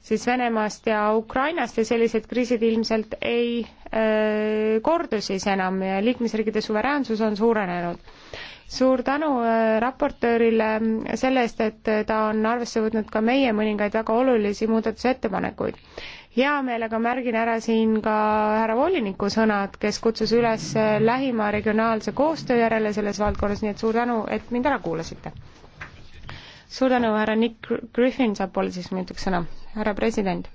siis Venemaast ja Ukrainast ja sellised kriisid ilmselt ei kordu siis enam ja liikmesriikide suveräänsus on suurenenud suur tänu äh, raportöörile selle eest, et äh, ta on arvesse võtnud ka meie mõningaid väga olulisi muudatusettepanekuid. hea meelega märgin ära siin ka härra voliniku sõnad, kes kutsus üles äh, lähima regionaalse koostöö järele selles valdkonnas, nii et suur tänu, et mind ära kuulasite. suur tänu, härra Nick Griffin saab poolteiseks minutiks sõna, härra president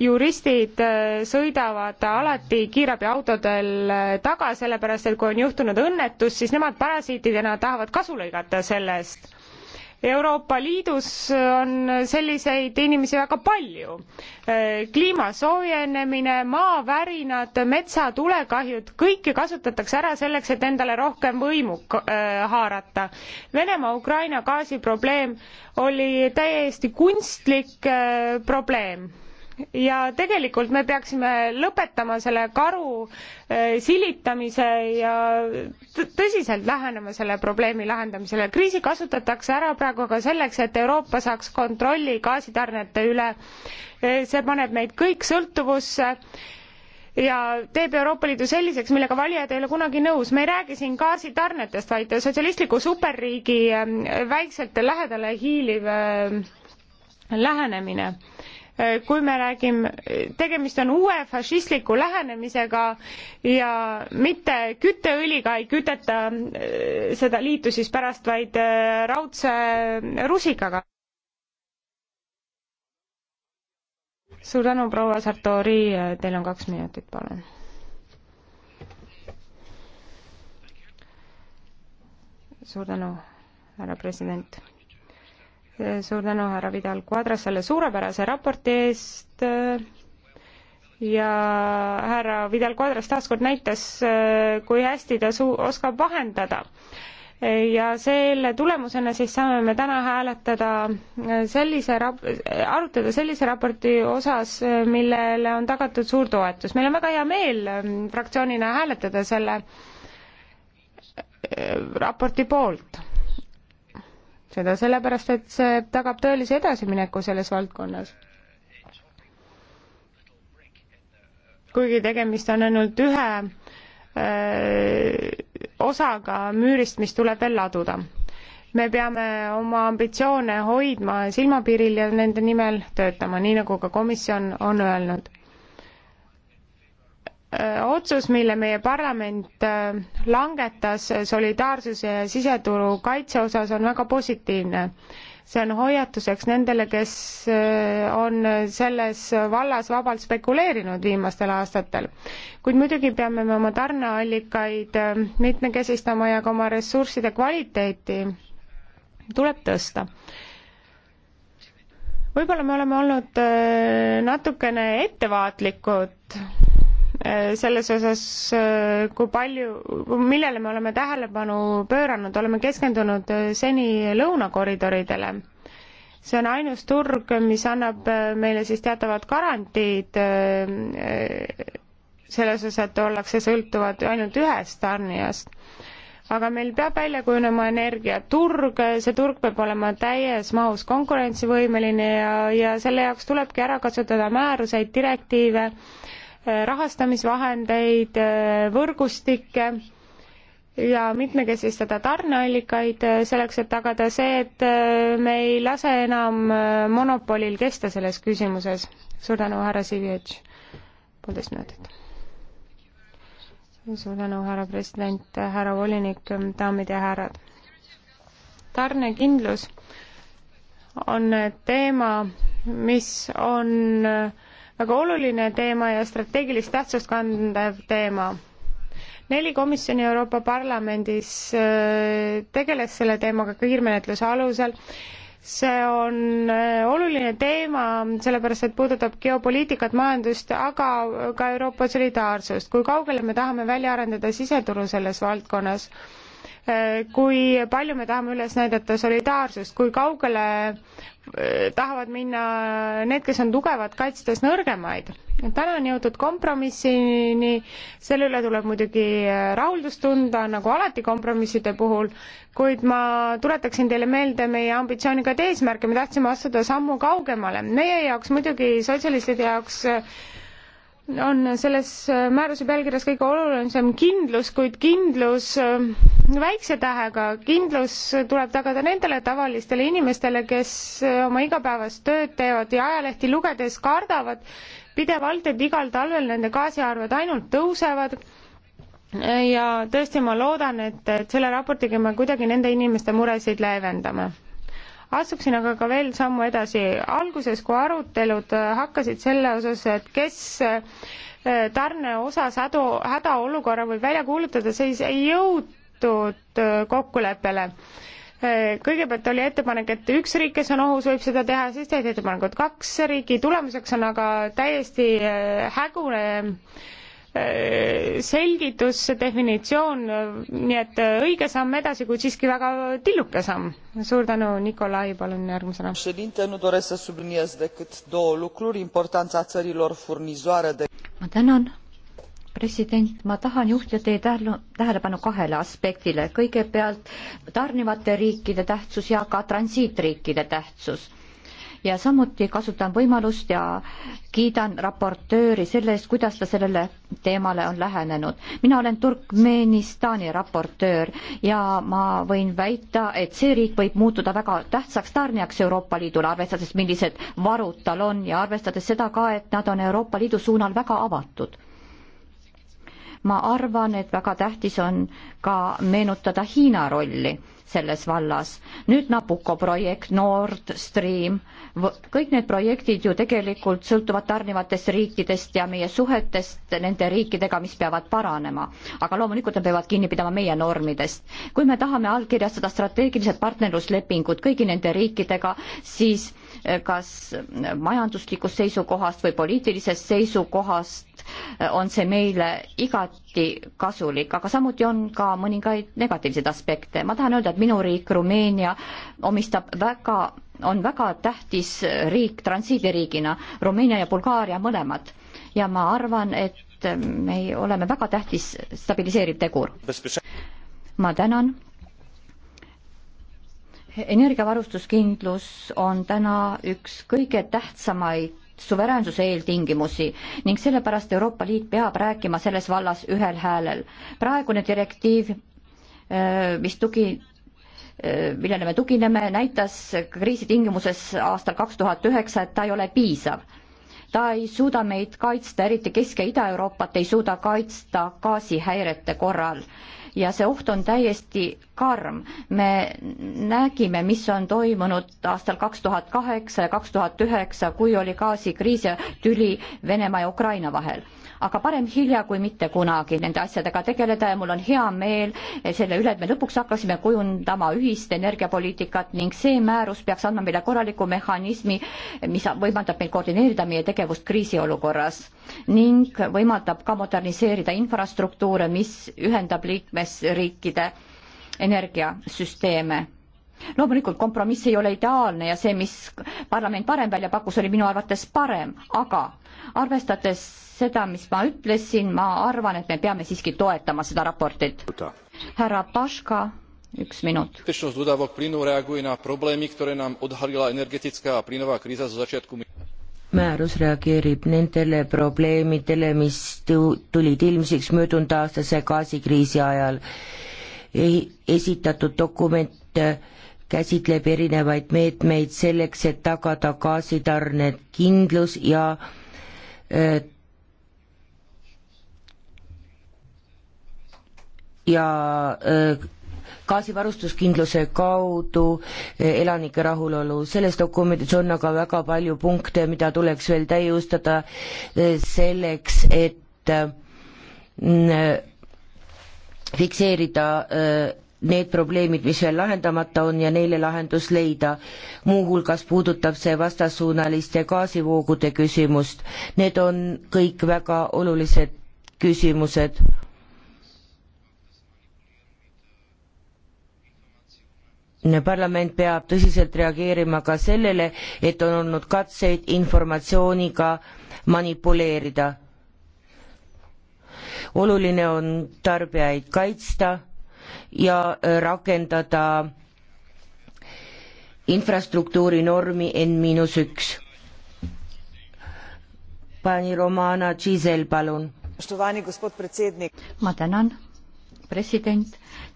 juristid äh, sõidavad alati kiirabiautodel äh, taga, sellepärast et kui on juhtunud õnnetus, siis nemad parasiitidena tahavad kasu lõigata sellest. Euroopa Liidus on selliseid inimesi väga palju. Äh, kliima soojenemine, maavärinad, metsatulekahjud, kõike kasutatakse ära selleks, et endale rohkem võimu haarata. Venemaa-Ukraina gaasiprobleem oli täiesti kunstlik probleem ja tegelikult me peaksime lõpetama selle karu eh, silitamise ja tõsiselt lähenema selle probleemi lahendamisele. kriisi kasutatakse ära praegu aga selleks, et Euroopa saaks kontrolli gaasitarnete üle. Eh, see paneb meid kõik sõltuvusse ja teeb Euroopa Liidu selliseks, millega valijad ei ole kunagi nõus. me ei räägi siin gaasitarnetest, vaid sotsialistliku superriigi eh, väikselt lähedale hiiliv lähenemine kui me räägime, tegemist on uue fašistliku lähenemisega ja mitte kütteõliga ei küteta äh, seda liitu siis pärast, vaid äh, raudse rusikaga. suur tänu, proua Sartori, teil on kaks minutit, palun suur tänu, härra president suur tänu härra Vidal Quadras selle suurepärase raporti eest ja härra Vidal Quadras taaskord näitas, kui hästi ta su-, oskab vahendada. ja selle tulemusena siis saame me täna hääletada sellise rap-, arutada sellise raporti osas, millele on tagatud suur toetus. meil on väga hea meel ähm, fraktsioonina hääletada selle äh, raporti poolt seda sellepärast, et see tagab tõelise edasimineku selles valdkonnas. kuigi tegemist on ainult ühe öö, äh, osaga müürist, mis tuleb veel laduda. me peame oma ambitsioone hoidma silmapiiril ja nende nimel töötama, nii nagu ka komisjon on öelnud Äh, otsus, mille meie parlament äh, langetas solidaarsuse ja siseturu kaitse osas, on väga positiivne. see on hoiatuseks nendele, kes äh, on selles vallas vabalt spekuleerinud viimastel aastatel. kuid muidugi peame me oma tarneallikaid mitmekesistama ja ka oma ressursside kvaliteeti tuleb tõsta võib-olla me oleme olnud natukene ettevaatlikud Äh, selles osas, äh, kui palju, millele me oleme tähelepanu pööranud, oleme keskendunud äh, seni lõunakoridoridele. see on ainus turg, mis annab meile siis teatavad garantiid selles osas, et ollakse sõltuvad ainult ühest tarnijast aga meil peab välja kujunema energiaturg, see turg peab olema täies mahus konkurentsivõimeline ja, ja selle jaoks tulebki ära kasutada määruseid, direktiive äh,, Eh, rahastamisvahendeid, eh, võrgustikke ja mitmekesistada tarneallikaid eh, selleks, et tagada see, et me ei lase enam monopolil kesta selles küsimuses. suur tänu, härra Sivjetš, poolteist minutit. suur tänu, härra president, härra volinik, daamid ja härrad. tarnekindlus on teema, mis on äh, väga oluline teema ja strateegilist tähtsust kandev teema. neli komisjoni Euroopa Parlamendis äh, tegeles selle teemaga kiirmenetluse alusel see on äh, oluline teema, sellepärast et puudutab geopoliitikat, majandust, aga ka Euroopa solidaarsust. kui kaugele me tahame välja arendada siseturu selles valdkonnas? kui palju me tahame üles näidata solidaarsust, kui kaugele eh, tahavad minna need, kes on tugevad, kaitstes nõrgemaid. täna on jõutud kompromissini, selle üle tuleb muidugi eh, rahuldust tunda, nagu alati kompromisside puhul, kuid ma tuletaksin teile meelde meie ambitsioonikaid eesmärke, me tahtsime astuda sammu kaugemale. meie jaoks muidugi, sotsialistide jaoks eh, on selles määruse pealkirjas kõige olulisem kindlus, kuid kindlus äh, väikse tähega. kindlus tuleb tagada nendele tavalistele inimestele, kes äh, oma igapäevast tööd teevad ja ajalehti lugedes kardavad pidevalt, et igal talvel nende gaasiarved ainult tõusevad. Äh, ja tõesti, ma loodan, et, et selle raportiga me kuidagi nende inimeste muresid leevendame astuksin aga ka veel sammu edasi. alguses, kui arutelud äh, hakkasid selle osas, et kes äh, tarne osas hädu, hädaolukorra võib välja kuulutada, siis ei jõutud äh, kokkuleppele. kõigepealt oli ettepanek, et üks riik, kes on ohus, võib seda teha, siis tehti ettepanekud kaks riiki, tulemuseks on aga täiesti hägune äh, Äh, selgitus, definitsioon, nii et äh, õige samm edasi, kuid siiski väga tilluke samm. suur tänu, Nikolai, palun järgmisena. ma tänan, president, ma tahan juhtida teie tähelepanu kahele aspektile. kõigepealt tarnivate riikide tähtsus ja ka transiitriikide tähtsus ja samuti kasutan võimalust ja kiidan raportööri selle eest, kuidas ta sellele teemale on lähenenud. mina olen Turkmenistani raportöör ja ma võin väita, et see riik võib muutuda väga tähtsaks tarnijaks Euroopa Liidule, arvestades, millised varud tal on ja arvestades seda ka, et nad on Euroopa Liidu suunal väga avatud ma arvan, et väga tähtis on ka meenutada Hiina rolli selles vallas. nüüd Nabucco projekt, Nord Stream, kõik need projektid ju tegelikult sõltuvad tarnivatest riikidest ja meie suhetest nende riikidega, mis peavad paranema. aga loomulikult nad peavad kinni pidama meie normidest. kui me tahame allkirjastada strateegilised partnerluslepingud kõigi nende riikidega, siis kas majanduslikust seisukohast või poliitilisest seisukohast on see meile igati kasulik, aga samuti on ka mõningaid negatiivseid aspekte. ma tahan öelda, et minu riik, Rumeenia, omistab väga, on väga tähtis riik transiidiriigina, Rumeenia ja Bulgaaria mõlemad. ja ma arvan, et me oleme väga tähtis stabiliseeriv tegur. ma tänan energiavarustuskindlus on täna üks kõige tähtsamaid suveräänsuse eeltingimusi ning sellepärast Euroopa Liit peab rääkima selles vallas ühel häälel. praegune direktiiv, äh, mis tugi, äh, millele me tugineme, näitas kriisitingimuses aastal kaks tuhat üheksa, et ta ei ole piisav. ta ei suuda meid kaitsta, eriti Kesk- ja Ida-Euroopat ei suuda kaitsta gaasihäirete korral ja see oht on täiesti karm. me nägime, mis on toimunud aastal kaks tuhat kaheksa ja kaks tuhat üheksa, kui oli gaasikriis ja tüli Venemaa ja Ukraina vahel aga parem hilja kui mitte kunagi nende asjadega tegeleda ja mul on hea meel selle üle, et me lõpuks hakkasime kujundama ühist energiapoliitikat ning see määrus peaks andma meile korraliku mehhanismi, mis võimaldab meil koordineerida meie tegevust kriisiolukorras ning võimaldab ka moderniseerida infrastruktuure, mis ühendab liikmesriikide energiasüsteeme loomulikult kompromiss ei ole ideaalne ja see, mis parlament varem välja pakkus, oli minu arvates parem, aga arvestades seda, mis ma ütlesin, ma arvan, et me peame siiski toetama seda raportit. härra Paška, üks minut. bezpečnosť dodávok plynu reaguje na problémy, ktoré nám odhalila energetická a plynová kríza zo začiatku määrus reageerib nendele probleemidele, mis tulid ilmsiks möödunud aastase gaasikriisi ajal. esitatud dokument äh, käsitleb erinevaid meetmeid selleks, et tagada gaasitarned kindlus ja äh, ja äh, gaasivarustuskindluse kaudu äh, elanike rahulolu. selles dokumendis on aga väga palju punkte, mida tuleks veel täiustada äh, selleks, et fikseerida need probleemid, mis veel lahendamata on ja neile lahendus leida. muuhulgas puudutab see vastassuunaliste gaasivoogude küsimust. Need on kõik väga olulised küsimused parlament peab tõsiselt reageerima ka sellele, et on olnud katseid informatsiooniga manipuleerida. oluline on tarbijaid kaitsta ja äh, rakendada infrastruktuuri normi N miinus üks. pani Romana Gisel, palun. ma tänan, president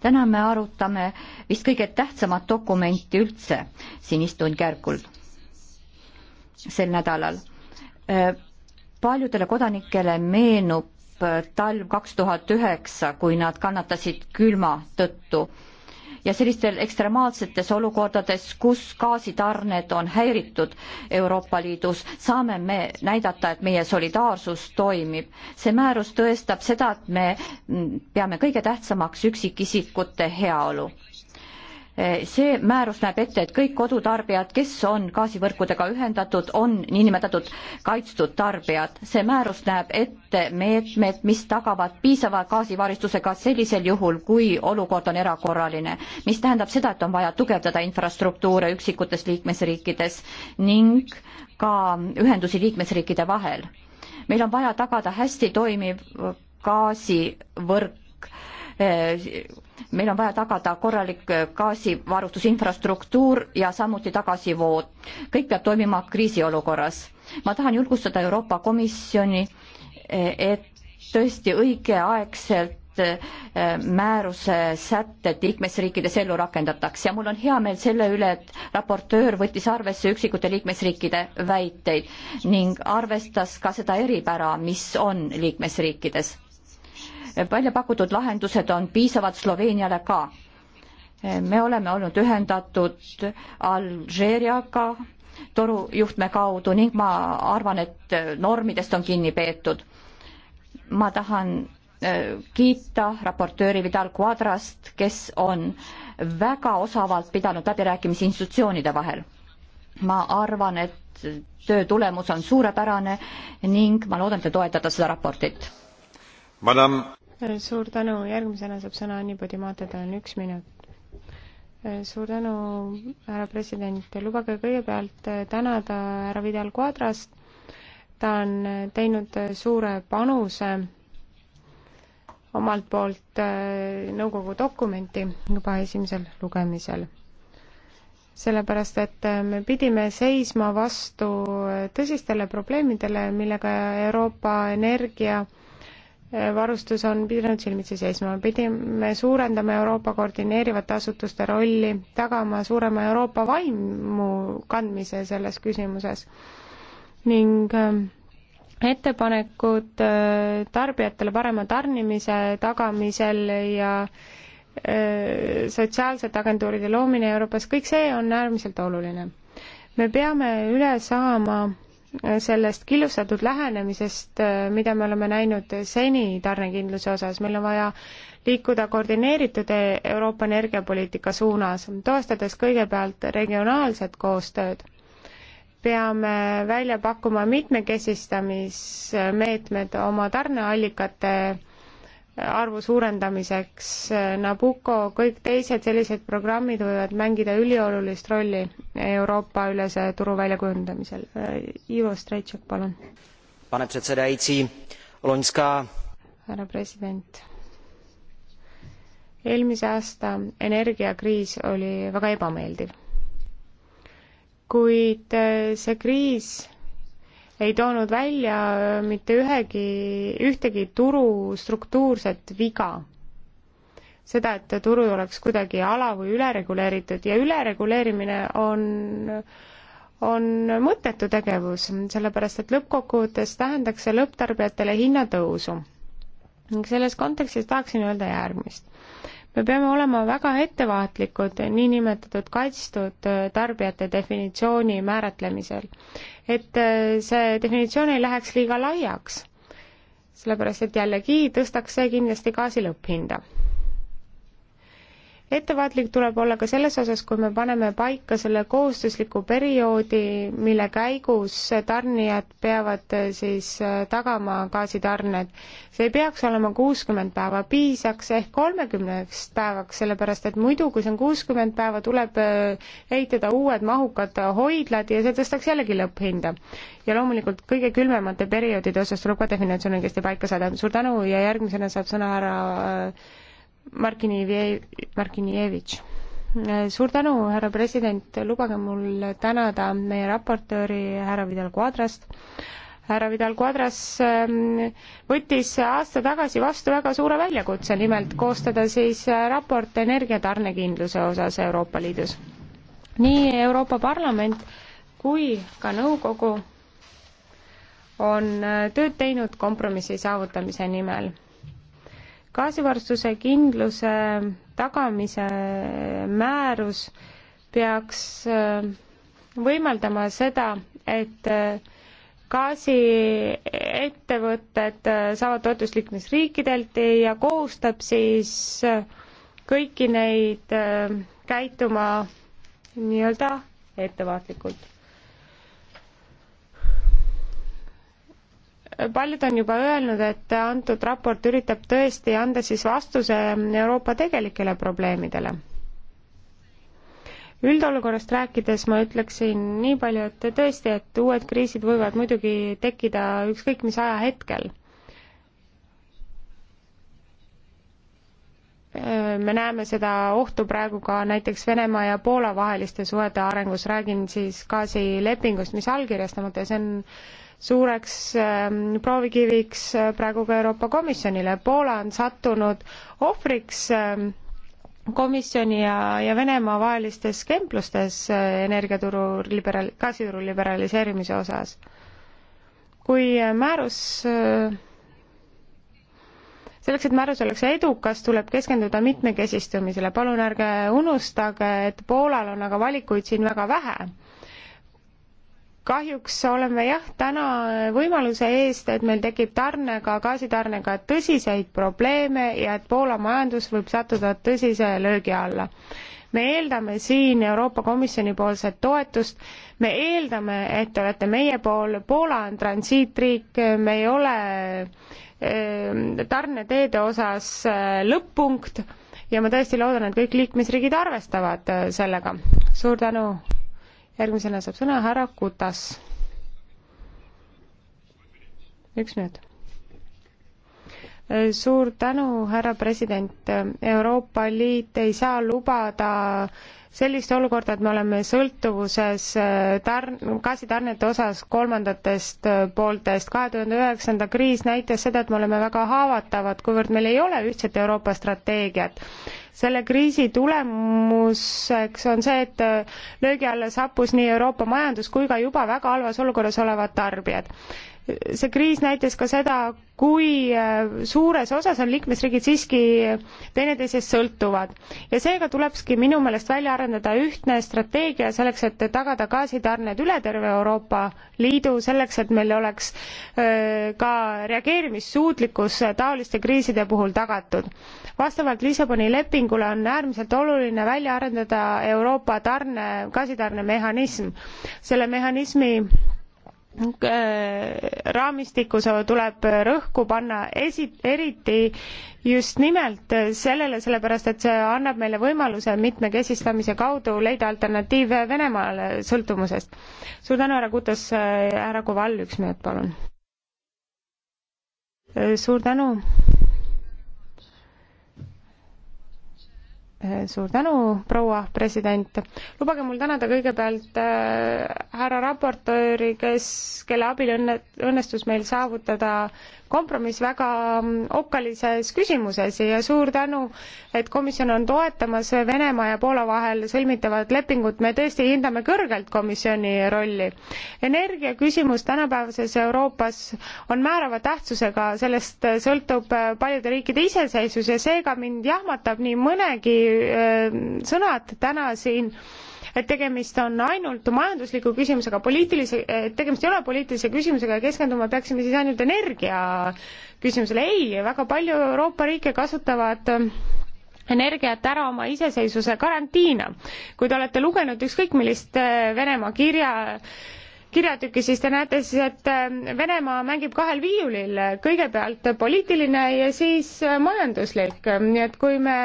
täna me arutame vist kõige tähtsamat dokumenti üldse siin istungjärgul sel nädalal. Äh, paljudele kodanikele meenub talv kaks tuhat üheksa, kui nad kannatasid külma tõttu ja sellistel ekstremaalsetes olukordades, kus gaasitarned on häiritud Euroopa Liidus, saame me näidata, et meie solidaarsus toimib. see määrus tõestab seda, et me mm, peame kõige tähtsamaks üksikisikute heaolu Eh, see määrus näeb ette, et kõik kodutarbijad, kes on gaasivõrkudega ühendatud, on niinimetatud kaitstud tarbijad. see määrus näeb ette meetmed, mis tagavad piisava gaasivaristusega sellisel juhul, kui olukord on erakorraline, mis tähendab seda, et on vaja tugevdada infrastruktuure üksikutes liikmesriikides ning ka ühendusi liikmesriikide vahel. meil on vaja tagada hästi toimiv gaasivõrk eh, meil on vaja tagada korralik äh, gaasivarustusinfrastruktuur ja samuti tagasivood. kõik peab toimima kriisiolukorras. ma tahan julgustada Euroopa Komisjoni, äh, et tõesti õigeaegselt äh, määruse sätted liikmesriikides ellu rakendatakse ja mul on hea meel selle üle, et raportöör võttis arvesse üksikute liikmesriikide väiteid ning arvestas ka seda eripära, mis on liikmesriikides välja pakutud lahendused on piisavad Sloveeniale ka. me oleme olnud ühendatud Alžeeriaga torujuhtme kaudu ning ma arvan, et normidest on kinni peetud. ma tahan äh, kiita raportööri Vidal Quadrast, kes on väga osavalt pidanud läbirääkimisi institutsioonide vahel. ma arvan, et töö tulemus on suurepärane ning ma loodan, et te toetate seda raportit. Äh, suur tänu, järgmisena saab sõna Anni Podimata, tal on üks minut. Äh, suur tänu, härra president, lubage kõigepealt äh, tänada härra Vidal Quadrast, ta on teinud suure panuse omalt poolt nõukogu dokumenti juba esimesel lugemisel sellepärast, et me pidime seisma vastu tõsistele probleemidele, millega Euroopa energia varustus on pidanud silmitsi seisma. pidime suurendama Euroopa koordineerivate asutuste rolli, tagama suurema Euroopa vaimu kandmise selles küsimuses ning ähm, ettepanekud äh, tarbijatele parema tarnimise tagamisel ja äh, sotsiaalsete agentuuride loomine Euroopas, kõik see on äärmiselt oluline. me peame üle saama sellest killustatud lähenemisest, äh, mida me oleme näinud seni tarnekindluse osas, meil on vaja liikuda koordineeritud e- Euroopa energiapoliitika suunas, toestades kõigepealt regionaalset koostööd. peame välja pakkuma mitmekesistamismeetmed oma tarneallikate arvu suurendamiseks, Nabucco, kõik teised sellised programmid võivad mängida üliolulist rolli Euroopa-ülese turu väljakujundamisel. Äh, Ivo Strejtšek, palun. pane predsedaitsi, Lonska. härra president. eelmise aasta energiakriis oli väga ebameeldiv. kuid äh, see kriis ei toonud välja äh, mitte ühegi, ühtegi turu struktuurset viga. seda, et turu oleks kuidagi ala- või ülereguleeritud ja ülereguleerimine on on mõttetu tegevus, sellepärast et lõppkokkuvõttes tähendaks see lõpptarbijatele hinnatõusu. ning selles kontekstis tahaksin öelda järgmist me peame olema väga ettevaatlikud niinimetatud kaitstud äh, tarbijate definitsiooni määratlemisel, et äh, see definitsioon ei läheks liiga laiaks, sellepärast et jällegi tõstaks see kindlasti gaasi lõpphinda ettevaatlik tuleb olla ka selles osas, kui me paneme paika selle kohustusliku perioodi, mille käigus tarnijad peavad eh, siis eh, tagama gaasitarned. see ei peaks olema kuuskümmend päeva, piisaks ehk kolmekümneks päevaks, sellepärast et muidu, kui see on kuuskümmend päeva, tuleb ehitada uued mahukad hoidlad ja see tõstaks jällegi lõpphinda. ja loomulikult kõige külmemate perioodide osas tuleb ka definitsioon õigesti paika saada. suur tänu ja järgmisena saab sõna härra äh, Markiniev-, Markinjevitš. Äh, suur tänu, härra president, lubage mul tänada meie raportööri härra Vidal Quadrast, härra Vidal Quadras ähm, võttis aasta tagasi vastu väga suure väljakutse, nimelt koostada siis raport energiatarnekindluse osas Euroopa Liidus. nii Euroopa Parlament kui ka nõukogu on äh, tööd teinud kompromissi saavutamise nimel gaasivarustuse kindluse tagamise määrus peaks äh, võimaldama seda, et äh, gaasiettevõtted äh, saavad toetust liikmesriikidelt ja kohustab siis kõiki neid käituma nii-öelda ettevaatlikult paljud on juba öelnud, et antud raport üritab tõesti anda siis vastuse Euroopa tegelikele probleemidele. üldolukorrast rääkides ma ütleksin nii palju, et tõesti, et uued kriisid võivad muidugi tekkida ükskõik mis ajahetkel me näeme seda ohtu praegu ka näiteks Venemaa ja Poola vaheliste suhete arengus, räägin siis gaasilepingust, mis allkirjastamata ja see on suureks ähm, proovikiviks äh, praegu ka Euroopa Komisjonile. Poola on sattunud ohvriks ähm, komisjoni ja, ja Venemaa vahelistes kemplustes äh, energiaturu liberaal-, gaasituru liberaliseerimise osas. kui äh, määrus selleks, et määrus oleks edukas, tuleb keskenduda mitmekesistumisele, palun ärge unustage, et Poolal on aga valikuid siin väga vähe kahjuks oleme jah, täna võimaluse eest, et meil tekib tarnega, gaasitarnega tõsiseid probleeme ja et Poola majandus võib sattuda tõsise löögi alla. me eeldame siin Euroopa Komisjoni poolset toetust, me eeldame, et te olete meie pool, Poola on transiitriik, me ei ole ehm, tarneteede osas äh, lõpp-punkt ja ma tõesti loodan, et kõik liikmesriigid arvestavad äh, sellega. suur tänu! järgmisena saab sõna härra Kutas. üks minut suur tänu, härra president. Euroopa Liit ei saa lubada sellist olukorda, et me oleme sõltuvuses äh, tarn-, gaasitarnete osas kolmandatest äh, pooltest. kahe tuhande üheksanda kriis näitas seda, et me oleme väga haavatavad, kuivõrd meil ei ole ühtset Euroopa strateegiat. selle kriisi tulemuseks on see, et äh, löögi alla sappus nii Euroopa majandus kui ka juba väga halvas olukorras olevad tarbijad see kriis näitas ka seda, kui äh, suures osas on liikmesriigid siiski teineteisest sõltuvad. ja seega tulekski minu meelest välja arendada ühtne strateegia selleks, et tagada gaasitarned üle terve Euroopa Liidu, selleks et meil oleks äh, ka reageerimissuutlikkus taoliste kriiside puhul tagatud. vastavalt Lissaboni lepingule on äärmiselt oluline välja arendada Euroopa tarne, gaasitarnemehhanism. selle mehhanismi Äh, raamistikus tuleb rõhku panna esi-, eriti just nimelt sellele, sellepärast et see annab meile võimaluse mitmekesistamise kaudu leida alternatiive Venemaale sõltumusest. suur tänu, härra Kutas, äh, härra Koval, üks minut, palun. Äh, suur tänu Eh, suur tänu, proua president. lubage mul tänada kõigepealt eh, härra raportööri, kes, kelle abil õnne, õnnestus meil saavutada kompromiss väga mm, okkalises küsimuses ja suur tänu, et komisjon on toetamas Venemaa ja Poola vahel sõlmitavat lepingut. me tõesti hindame kõrgelt komisjoni rolli. energiaküsimus tänapäevases Euroopas on määrava tähtsusega, sellest eh, sõltub paljude riikide iseseisvus ja seega mind jahmatab nii mõnegi Äh, sõnad täna siin et tegemist on ainult majandusliku küsimusega, poliitilise, et tegemist ei ole poliitilise küsimusega ja keskenduma peaksime siis ainult energia küsimusele. ei, väga palju Euroopa riike kasutavad äh, energiat ära oma iseseisvuse garantiina. kui te olete lugenud ükskõik millist äh, Venemaa kirja kirjatüki, siis te näete siis, et ähm, Venemaa mängib kahel viiulil, kõigepealt poliitiline ja siis äh, majanduslik, nii et kui me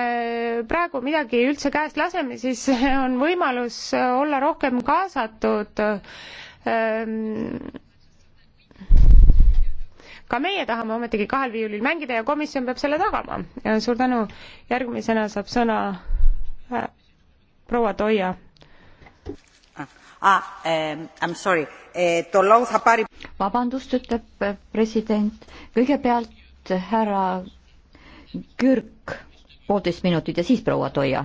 praegu midagi üldse käest laseme, siis on võimalus äh, olla rohkem kaasatud ähm, ka meie tahame ometigi kahel viiulil mängida ja komisjon peab selle tagama. suur tänu, järgmisena saab sõna äh, proua Toia Ah, eh, vabandust, ütleb eh, president. kõigepealt härra Kürk, poolteist minutit ja siis proua Toia.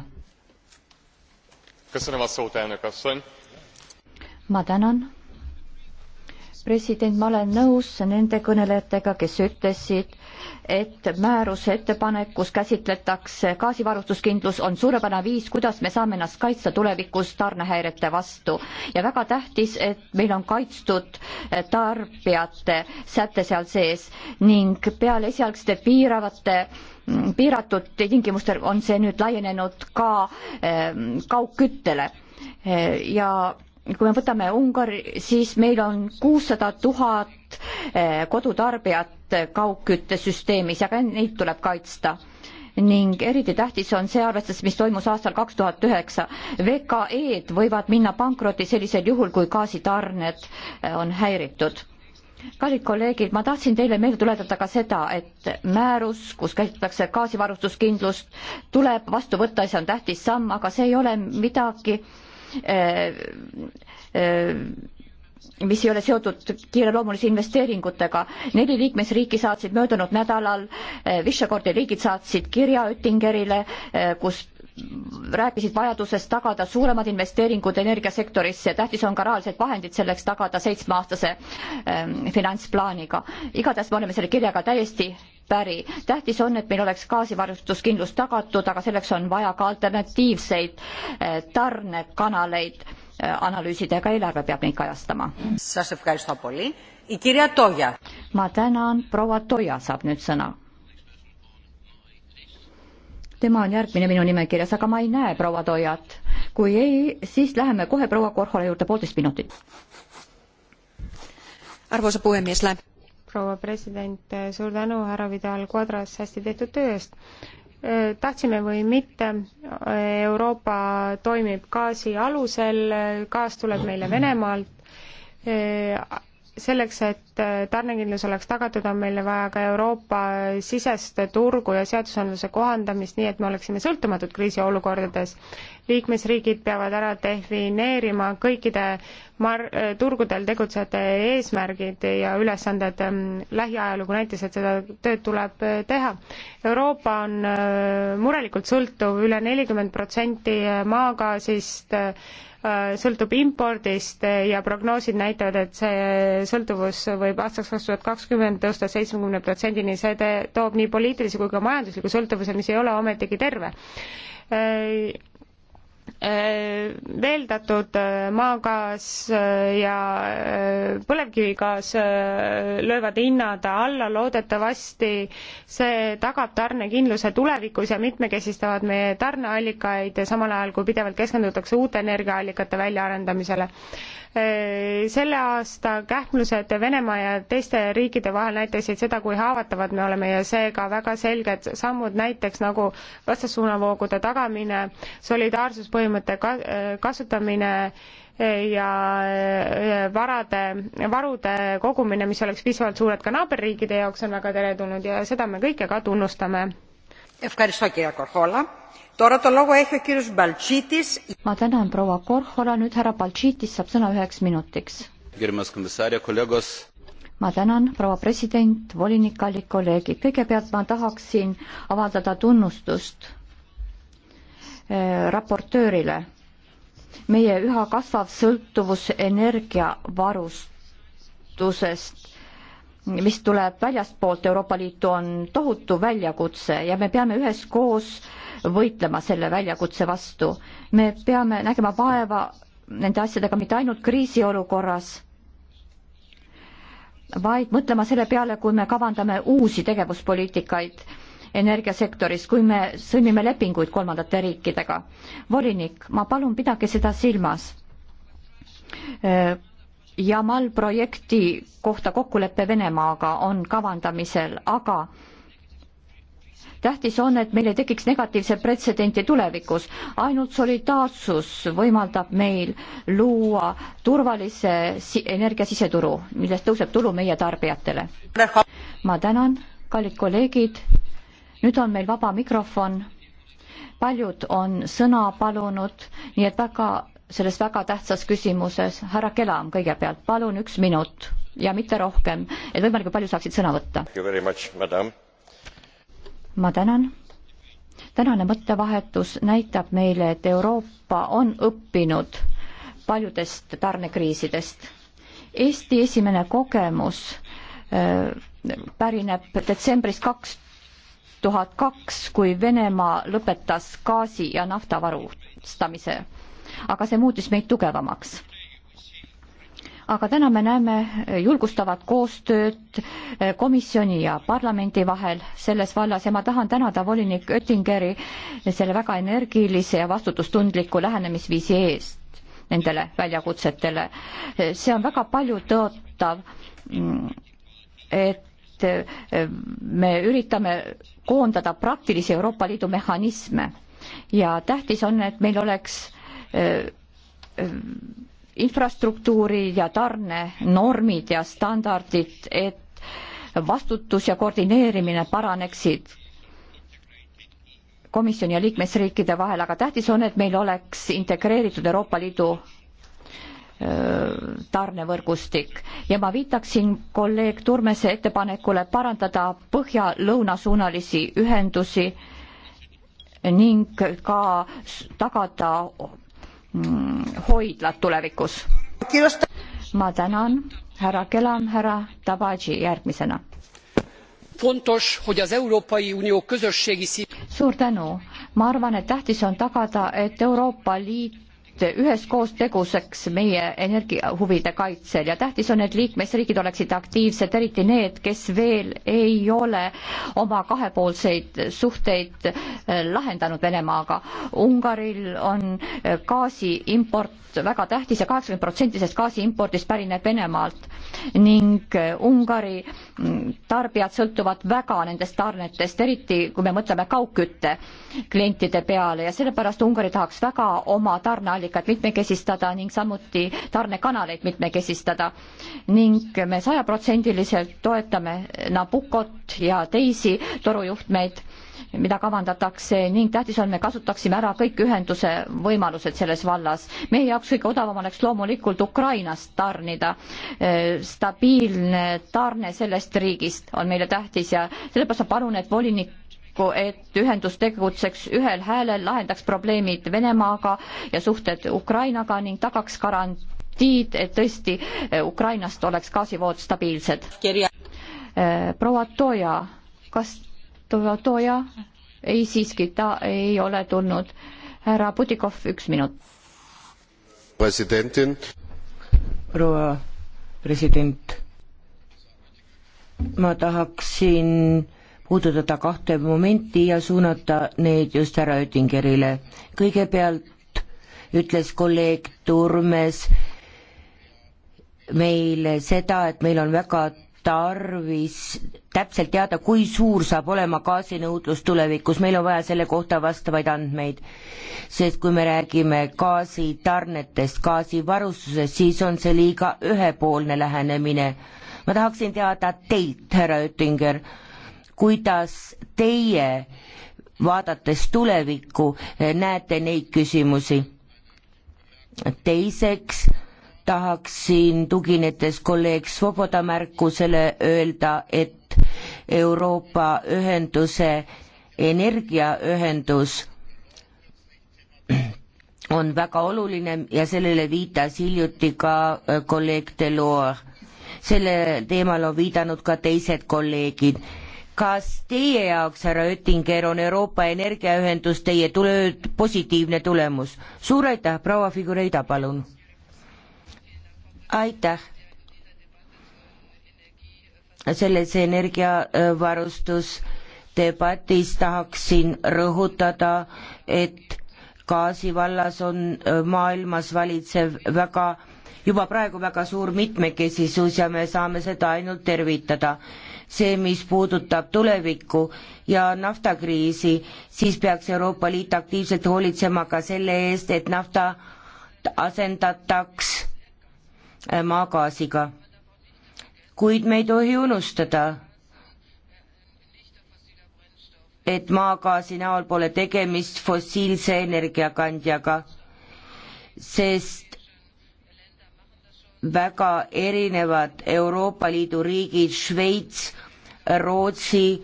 ma tänan president, ma olen nõus nende kõnelejatega, kes ütlesid, et määruse ettepanekus käsitletakse gaasivarustuskindlus on suurepärane viis, kuidas me saame ennast kaitsta tulevikus tarnehäirete vastu ja väga tähtis, et meil on kaitstud tarbijate säte seal sees ning peale esialgsete piiravate piiratud tingimustel on see nüüd laienenud ka eh, kaugküttele eh, ja kui me võtame Ungari, siis meil on kuussada tuhat eh, kodutarbijat kaugküttesüsteemis ja ka neid tuleb kaitsta ning eriti tähtis on see arvestus, mis toimus aastal kaks tuhat üheksa. VKE-d võivad minna pankrotti sellisel juhul, kui gaasitarned eh, on häiritud kallid kolleegid, ma tahtsin teile meelde tuletada ka seda, et määrus, kus käsitletakse gaasivarustuskindlust, tuleb vastu võtta ja see on tähtis samm, aga see ei ole midagi äh, Äh, äh, mis ei ole seotud kiireloomulise investeeringutega. neli liikmesriiki saatsid möödunud nädalal, äh, Visekordi riigid saatsid kirja Oettingerile, kus rääkisid vajadusest tagada suuremad investeeringud energiasektorisse, tähtis on ka rahalised vahendid selleks tagada seitsmeaastase ähm, finantsplaaniga. igatahes me oleme selle kirjaga täiesti päri. tähtis on, et meil oleks gaasivarustuskindlus tagatud, aga selleks on vaja ka alternatiivseid eh, tarnekanaleid eh, analüüsida ja ka eelarve peab neid kajastama. ma tänan, proua Toja saab nüüd sõna. tema on järgmine minu nimekirjas, aga ma ei näe proua Tojat. kui ei, siis läheme kohe proua Korhole juurde, poolteist minutit. arvoisa puhemies, läheb proua president, suur tänu, härra Vidal Quadras, hästi tehtud töö eest. tahtsime või mitte, Euroopa toimib gaasi alusel, gaas tuleb meile Venemaalt. selleks, et tarnekindlus oleks tagatud, on meile vaja ka Euroopa sisest turgu ja seadusandluse kohandamist, nii et me oleksime sõltumatud kriisiolukordades liikmesriigid peavad ära defineerima kõikide mar-, turgudel tegutsejate eesmärgid ja ülesanded lähiajalugu näitas, et seda tööd tuleb äh, teha. Euroopa on äh, murelikult sõltuv üle nelikümmend protsenti äh, maagaasist, sõltub impordist ja prognoosid näitavad, et see sõltuvus võib aastaks kaks tuhat kakskümmend tõusta seitsmekümne protsendini, see toob nii poliitilise kui ka majandusliku sõltuvuse, mis ei ole ometigi terve veeldatud äh, äh, maagaas äh, ja põlevkivigaas löövad hinnad alla, loodetavasti see tagab tarnekindluse tulevikus ja mitmekesistavad meie tarneallikaid, samal ajal kui pidevalt keskendutakse uute energiaallikate väljaarendamisele. Selle aasta kähmlused Venemaa ja teiste riikide vahel näitasid seda, kui haavatavad me oleme ja seega väga selged sammud, näiteks nagu vastassuunavoogude tagamine, solidaarsuspõhimõte, põhimõtte kasutamine ja varade, varude kogumine, mis oleks piisavalt suured ka naaberriikide jaoks, on väga teretulnud ja seda me kõike ka tunnustame. ma tänan, proua Korhola, nüüd härra Baltšiitis saab sõna üheks minutiks. ma tänan, proua president, volinik, kallid kolleegid, kõigepealt ma tahaksin avaldada tunnustust raportöörile. meie üha kasvav sõltuvus energiavarustusest, mis tuleb väljastpoolt Euroopa Liitu, on tohutu väljakutse ja me peame üheskoos võitlema selle väljakutse vastu. me peame nägema vaeva nende asjadega mitte ainult kriisiolukorras, vaid mõtlema selle peale, kui me kavandame uusi tegevuspoliitikaid energiasektoris, kui me sõlmime lepinguid kolmandate riikidega. volinik, ma palun, pidage seda silmas. Äh, Jamal projekti kohta kokkulepe Venemaaga on kavandamisel, aga tähtis on, et meil ei tekiks negatiivset pretsedenti tulevikus. ainult solidaarsus võimaldab meil luua turvalise energiasiseturu, millest tõuseb tulu meie tarbijatele. ma tänan, kallid kolleegid nüüd on meil vaba mikrofon. paljud on sõna palunud, nii et väga, selles väga tähtsas küsimuses, härra Kelam kõigepealt, palun üks minut ja mitte rohkem, et võimalikult palju saaksid sõna võtta. ma tänan. tänane mõttevahetus näitab meile, et Euroopa on õppinud paljudest tarnekriisidest. Eesti esimene kogemus äh, pärineb detsembrist kaks tuhat kaks, kui Venemaa lõpetas gaasi ja nafta varustamise. aga see muutis meid tugevamaks aga täna me näeme julgustavat koostööd komisjoni ja parlamendi vahel selles vallas ja ma tahan tänada volinik Oettingeri selle väga energilise ja vastutustundliku lähenemisviisi eest nendele väljakutsetele. see on väga palju tõotav, mm, et et eh, me üritame koondada praktilisi Euroopa Liidu mehhanisme ja tähtis on, et meil oleks eh, eh, infrastruktuuri ja tarnenormid ja standardid, et vastutus ja koordineerimine paraneksid komisjoni ja liikmesriikide vahel, aga tähtis on, et meil oleks integreeritud Euroopa Liidu tarnevõrgustik ja ma viitaksin kolleeg Turmese ettepanekule parandada põhja-lõunasuunalisi ühendusi ning ka tagada mm, hoidlad tulevikus. ma tänan, härra Kelam, härra Tabaji järgmisena. suur tänu, ma arvan, et tähtis on tagada, et Euroopa Liit et üheskoos teguseks meie energiahuvide kaitsel ja tähtis on, et liikmesriigid oleksid aktiivsed, eriti need, kes veel ei ole oma kahepoolseid suhteid äh, lahendanud Venemaaga. Ungaril on äh, gaasiimport väga tähtis ja kaheksakümmend protsenti sellest gaasiimpordist pärineb Venemaalt ning äh, Ungari mm, tarbijad sõltuvad väga nendest tarnetest, eriti kui me mõtleme kaugkütte klientide peale ja sellepärast Ungari tahaks väga oma tarneallikaid energiaallikat mitmekesistada ning samuti tarnekanaleid mitmekesistada ning me sajaprotsendiliselt toetame Nabucot ja teisi torujuhtmeid, mida kavandatakse ning tähtis on, me kasutaksime ära kõik ühenduse võimalused selles vallas. meie jaoks kõige odavam oleks loomulikult Ukrainast tarnida. stabiilne tarne sellest riigist on meile tähtis ja sellepärast ma palun, et volinik ettepaneku, et ühendus tegutseks ühel häälel, lahendaks probleemid Venemaaga ja suhted Ukrainaga ning tagaks garantiid, et tõesti eh, Ukrainast oleks gaasivood stabiilsed. Eh, proua Toja, kas proua Toja? ei siiski, ta ei ole tulnud. härra Putikov, üks minut. presidentin. proua president ma tahaksin puudutada kahte momenti ja suunata need just härra Oettingerile. kõigepealt ütles kolleeg Turmes meile seda, et meil on väga tarvis täpselt teada, kui suur saab olema gaasinõudlus tulevikus, meil on vaja selle kohta vastavaid andmeid. sest kui me räägime gaasitarnetest, gaasivarustusest, siis on see liiga ühepoolne lähenemine. ma tahaksin teada teilt, härra Oettinger kuidas teie, vaadates tulevikku, näete neid küsimusi? teiseks tahaksin, tuginedes kolleeg Svoboda märkusele, öelda, et Euroopa ühenduse energiaühendus on väga oluline ja sellele viitas hiljuti ka äh, kolleeg Delors. sellel teemal on viidanud ka teised kolleegid kas teie jaoks, härra Oettinger, on Euroopa Energiaühendus teie tule-, positiivne tulemus? suur aitäh, proua Figureida, palun! aitäh! selles energiavarustusdebatis tahaksin rõhutada, et gaasi vallas on maailmas valitsev väga, juba praegu väga suur mitmekesisus ja me saame seda ainult tervitada see, mis puudutab tulevikku ja naftakriisi, siis peaks Euroopa Liit aktiivselt hoolitsema ka selle eest, et nafta asendataks äh, maagaasiga. kuid me ei tohi unustada, et maagaasi näol pole tegemist fossiilse energiakandjaga, sest väga erinevad Euroopa Liidu riigid, Šveits, Rootsi,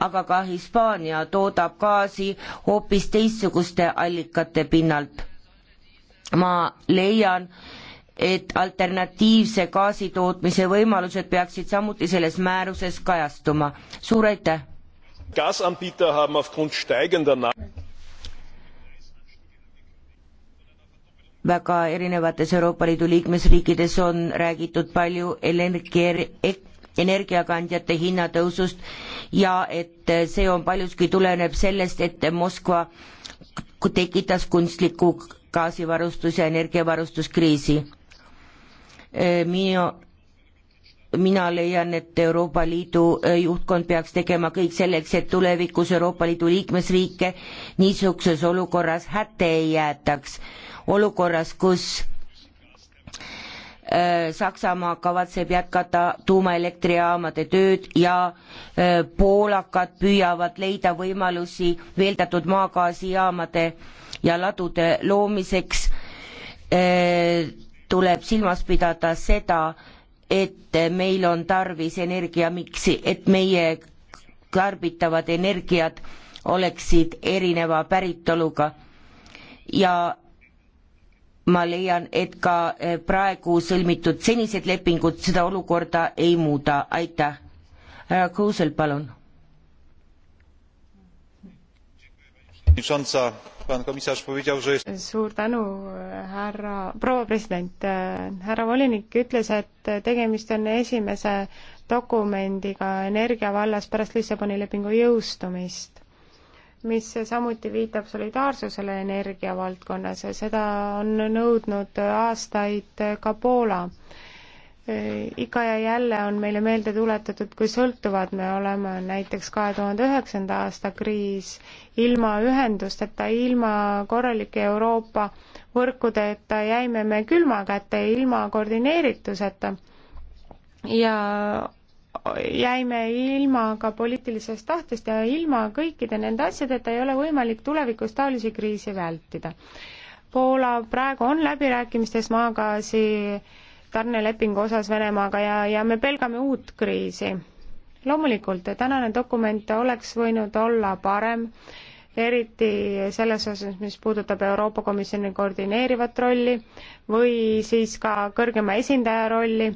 aga ka Hispaania toodab gaasi hoopis teistsuguste allikate pinnalt. ma leian, et alternatiivse gaasi tootmise võimalused peaksid samuti selles määruses kajastuma. suur aitäh! Gasanbieter haben aufgrund steigender väga erinevates Euroopa Liidu liikmesriikides on räägitud palju energia e- energiakandjate hinnatõusust ja et see on paljuski tuleneb sellest, et Moskva tekitas kunstliku gaasivarustus- ja energiavarustuskriisi. minu, mina leian, et Euroopa Liidu juhtkond peaks tegema kõik selleks, et tulevikus Euroopa Liidu liikmesriike niisuguses olukorras hätte ei jäetaks. olukorras, kus Äh, Saksamaa kavatseb jätkata tuumaelektrijaamade tööd ja äh, poolakad püüavad leida võimalusi veeldatud maagaasijaamade ja ladude loomiseks. Äh, tuleb silmas pidada seda, et meil on tarvis energiamiksi, et meie tarbitavad energiad oleksid erineva päritoluga ja ma leian, et ka eh, praegu sõlmitud senised lepingud seda olukorda ei muuda, aitäh. härra Kuusel, palun. suur tänu, härra, proua president, härra volinik ütles, et tegemist on esimese dokumendiga energia vallas pärast Lissaboni lepingu jõustumist mis samuti viitab solidaarsusele energiavaldkonnas ja seda on nõudnud aastaid ka Poola. ikka ja jälle on meile meelde tuletatud, kui sõltuvad me oleme, näiteks kahe tuhande üheksanda aasta kriis, ilma ühendusteta, ilma korralike Euroopa võrkudeta jäime me külma kätte, ilma koordineerituseta ja jäime ilma ka poliitilisest tahtest ja ilma kõikide nende asjadeta ei ole võimalik tulevikus taolisi kriise vältida. Poola praegu on läbirääkimistes maagaasi tarnelepingu osas Venemaaga ja, ja me pelgame uut kriisi. loomulikult, tänane dokument oleks võinud olla parem, eriti selles osas, mis puudutab Euroopa Komisjoni koordineerivat rolli või siis ka kõrgema esindaja rolli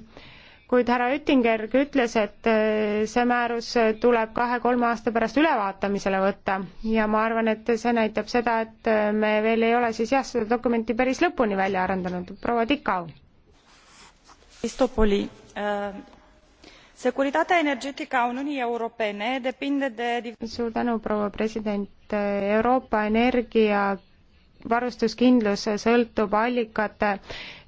kuid härra Oettinger ütles, et äh, see määrus tuleb kahe-kolme aasta pärast ülevaatamisele võtta ja ma arvan, et see näitab seda, et äh, me veel ei ole siis jah, seda dokumenti päris lõpuni välja arendanud. proua Tikau. Istopoli äh,. securitatea energetică a Uniunii Europene depinde de suur tänu, proua president. Euroopa energia varustuskindlus sõltub allikate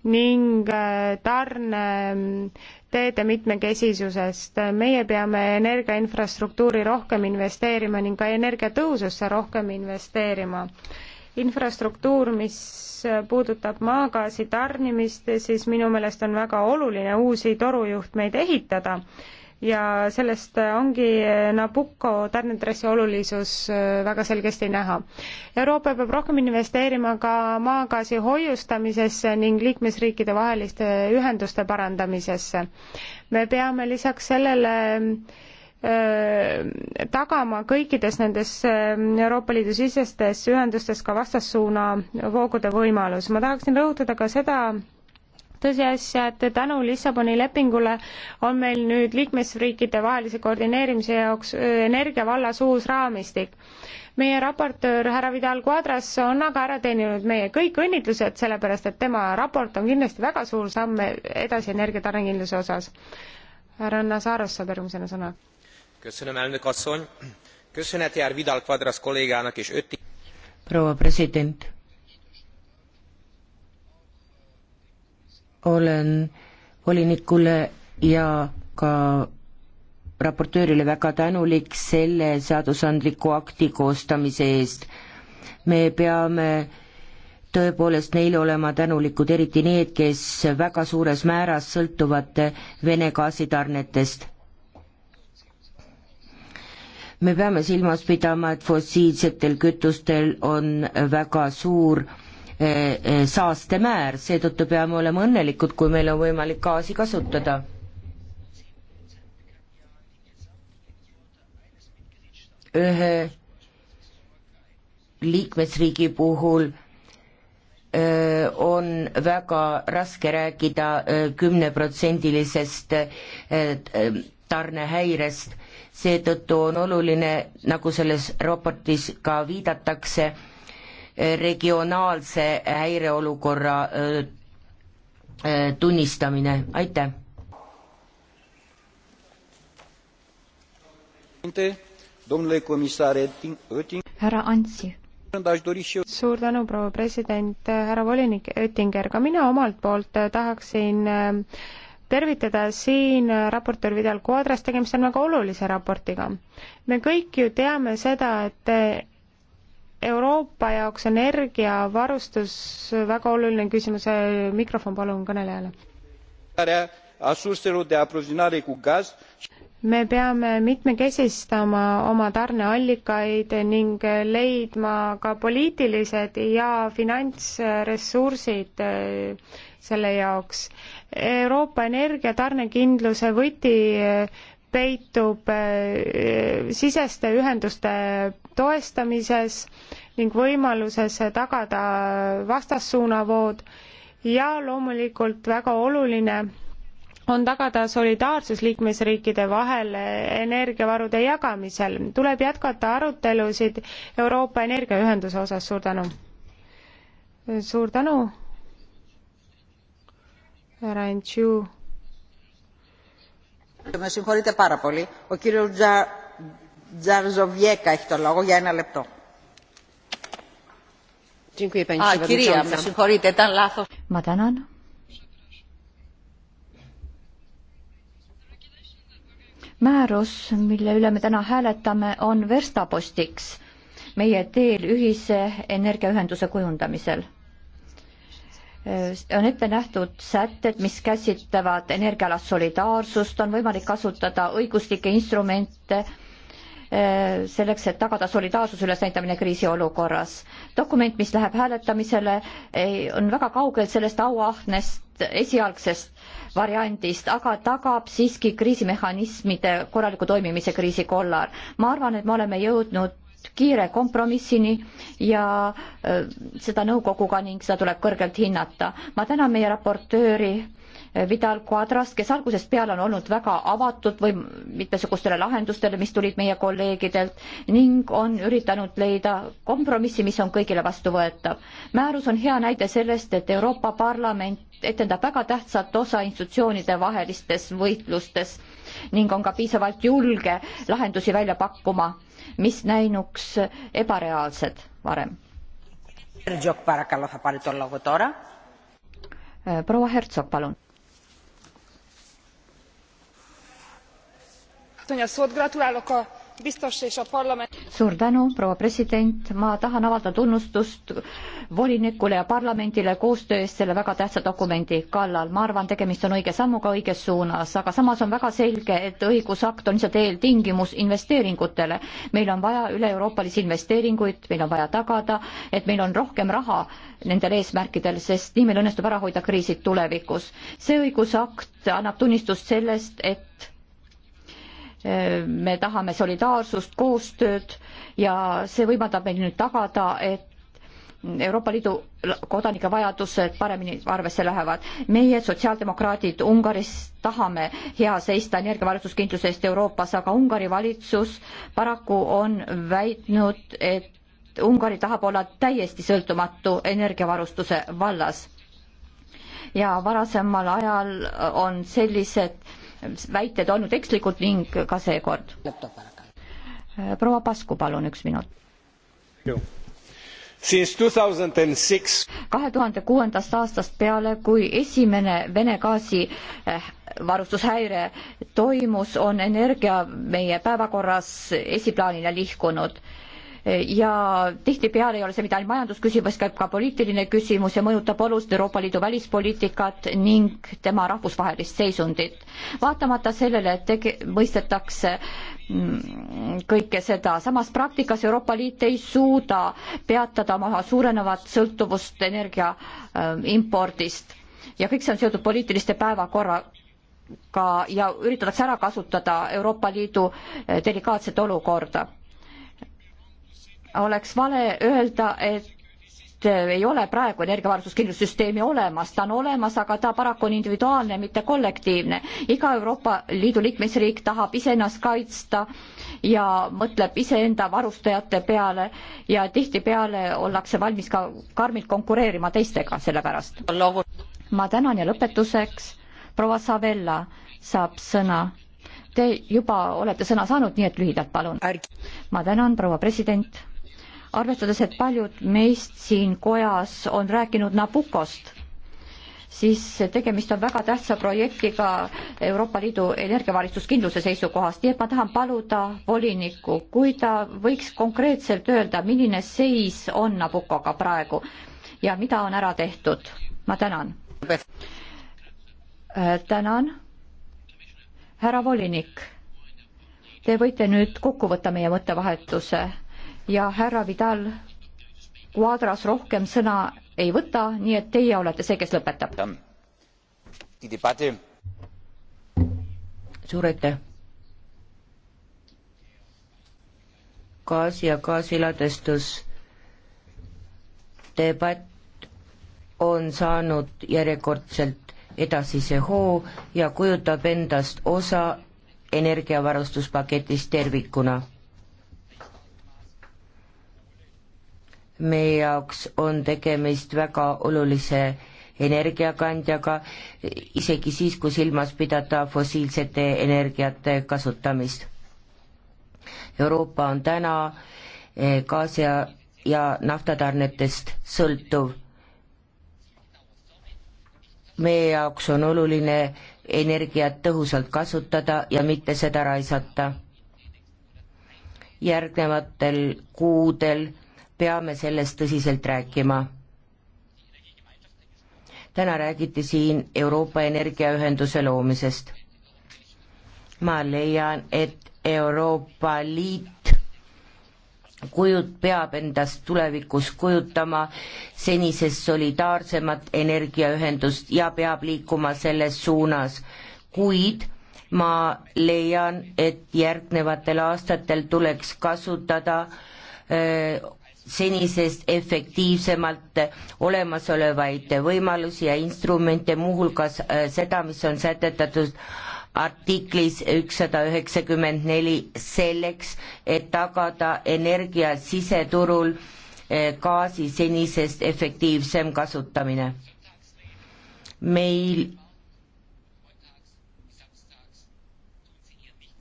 ning äh, tarneteede mitmekesisusest. meie peame energiainfrastruktuuri rohkem investeerima ning ka energiatõhususse rohkem investeerima. infrastruktuur, mis puudutab maagaasi tarnimist, siis minu meelest on väga oluline uusi torujuhtmeid ehitada ja sellest ongi Nabucco tarnedressi olulisus äh, väga selgesti näha. Euroopa peab rohkem investeerima ka maagaasi hoiustamisesse ning liikmesriikide vaheliste ühenduste parandamisesse. me peame lisaks sellele äh, tagama kõikides nendes äh, Euroopa Liidu sisestes ühendustes ka vastassuuna voogude võimalus. ma tahaksin rõhutada ka seda, tõsiasja, et tänu Lissaboni lepingule on meil nüüd liikmesriikide vahelise koordineerimise jaoks energia vallas uus raamistik. meie raportöör härra Vidal Quadras on aga ära teeninud meie kõik õnnitlused, sellepärast et tema raport on kindlasti väga suur samm edasi energia tarnekindluse osas. härra Nazaros saab järgmisena sõna. proua president olen volinikule ja ka raportöörile väga tänulik selle seadusandliku akti koostamise eest. me peame tõepoolest neile olema tänulikud, eriti need, kes väga suures määras sõltuvad Vene gaasitarnetest. me peame silmas pidama, et fossiilsetel kütustel on väga suur E, e, saastemäär, seetõttu peame olema õnnelikud, kui meil on võimalik gaasi kasutada. ühe liikmesriigi puhul e, on väga raske rääkida kümneprotsendilisest tarnehäirest, seetõttu on oluline, nagu selles raportis ka viidatakse, regionaalse häireolukorra tunnistamine, aitäh. härra Antsi suur tänu, proua president, härra volinik Oettinger, ka mina omalt poolt tahaksin tervitada siin raportöör Vidal Quadras, tegemist on väga olulise raportiga. me kõik ju teame seda, et Euroopa jaoks energiavarustus väga oluline küsimus, mikrofon palun kõnelejale. me peame mitmekesistama oma tarneallikaid ning leidma ka poliitilised ja finantsressursid äh, selle jaoks. Euroopa energiatarnekindluse võti äh, peitub äh, siseste ühenduste toestamises ning võimaluses tagada vastassuunavood ja loomulikult väga oluline on tagada solidaarsus liikmesriikide vahel energiavarude jagamisel. tuleb jätkata arutelusid Euroopa energiaühenduse osas, suur tänu. suur tänu, härra Entšu Με συγχωρείτε πάρα πολύ. Ο κύριος Τζα... Τζαρζοβιέκα έχει το λόγο για ένα λεπτό. Α, κυρία, με συγχωρείτε, ήταν λάθος. Μα τανάν. määrus, mille üle me täna hääletame, on verstapostiks meie teel ühise energiaühenduse kujundamisel on ette nähtud sätted, mis käsitlevad energiaalast solidaarsust, on võimalik kasutada õiguslikke instrumente eh, selleks, et tagada solidaarsuse ülesnäitamine kriisiolukorras. dokument, mis läheb hääletamisele, on väga kaugel sellest auahnest esialgsest variandist, aga tagab siiski kriisimehhanismide korraliku toimimise kriisikollar. ma arvan, et me oleme jõudnud jõudnud kiire kompromissini ja äh, seda nõukoguga ning seda tuleb kõrgelt hinnata. ma tänan meie raportööri äh, Vidal Quadrast, kes algusest peale on olnud väga avatud või mitmesugustele lahendustele, mis tulid meie kolleegidelt ning on üritanud leida kompromissi, mis on kõigile vastuvõetav. määrus on hea näide sellest, et Euroopa Parlament etendab väga tähtsat osa institutsioonide vahelistes võitlustes ning on ka piisavalt julge lahendusi välja pakkuma mis näinuks ebareaalsed varem. proua Hertsog, palun. gratulálok a suur tänu, proua president, ma tahan avaldada tunnustust volinikule ja parlamendile koostöö eest selle väga tähtsa dokumendi kallal. ma arvan, tegemist on õige sammuga õiges suunas, aga samas on väga selge, et õigusakt on lihtsalt eeltingimus investeeringutele. meil on vaja üle-euroopalisi investeeringuid, meil on vaja tagada, et meil on rohkem raha nendel eesmärkidel, sest nii meil õnnestub ära hoida kriisid tulevikus. see õigusakt annab tunnistust sellest, et me tahame solidaarsust, koostööd ja see võimaldab meil nüüd tagada, et Euroopa Liidu kodanike vajadused paremini arvesse lähevad. meie, sotsiaaldemokraadid Ungaris tahame hea seista energiavarustuskindluse eest Euroopas, aga Ungari valitsus paraku on väitnud, et Ungari tahab olla täiesti sõltumatu energiavarustuse vallas. ja varasemal ajal on sellised väited olnud ekslikud ning ka seekord. proua Pasku, palun üks minut. kahe tuhande kuuendast aastast peale, kui esimene Vene gaasi eh, varustushäire toimus, on energia meie päevakorras esiplaanile lihkunud ja tihtipeale ei ole see mitte ainult majandusküsimus, käib ka poliitiline küsimus ja mõjutab oluliselt Euroopa Liidu välispoliitikat ning tema rahvusvahelist seisundit. vaatamata sellele, et tege-, mõistetakse mm, kõike seda, samas praktikas Euroopa Liit ei suuda peatada oma suurenevat sõltuvust energia äh, impordist ja kõik see on seotud poliitiliste päevakorra ka ja üritatakse ära kasutada Euroopa Liidu äh, delikaatset olukorda oleks vale öelda, et äh, ei ole praegu energiavarustuskindlustussüsteemi olemas, ta on olemas, aga ta paraku on individuaalne, mitte kollektiivne. iga Euroopa Liidu liikmesriik tahab iseennast kaitsta ja mõtleb iseenda varustajate peale ja tihtipeale ollakse valmis ka karmilt konkureerima teistega selle pärast. ma tänan ja lõpetuseks proua Savella saab sõna. Te juba olete sõna saanud, nii et lühidalt palun. ma tänan, proua president arvestades, et paljud meist siin kojas on rääkinud Nabukost, siis tegemist on väga tähtsa projektiga Euroopa Liidu energiavalitsuskindluse seisukohast, nii et ma tahan paluda volinikku, kui ta võiks konkreetselt öelda, milline seis on Nabukoga praegu ja mida on ära tehtud. ma tänan. Äh, tänan. härra volinik, te võite nüüd kokku võtta meie mõttevahetuse ja härra Vidal Quadras rohkem sõna ei võta, nii et teie olete see, kes lõpetab. suur aitäh. gaas ja gaasiladestus debatt on saanud järjekordselt edasise hoo ja kujutab endast osa energiavarustuspaketist tervikuna meie jaoks on tegemist väga olulise energiakandjaga, isegi siis, kui silmas pidada fossiilsete energiate kasutamist. Euroopa on täna eh, gaasi ja, ja naftatarnetest sõltuv. meie jaoks on oluline energiat tõhusalt kasutada ja mitte seda raisata. järgnevatel kuudel peame sellest tõsiselt rääkima. täna räägiti siin Euroopa Energiaühenduse loomisest. ma leian, et Euroopa Liit kujut-, peab endast tulevikus kujutama senisest solidaarsemat energiaühendust ja peab liikuma selles suunas, kuid ma leian, et järgnevatel aastatel tuleks kasutada öö, äh, senisest efektiivsemalt olemasolevaid võimalusi ja instrumente, muuhulgas äh, seda, mis on sätetatud artiklis ükssada üheksakümmend neli selleks, et tagada energia siseturul äh, gaasi senisest efektiivsem kasutamine. meil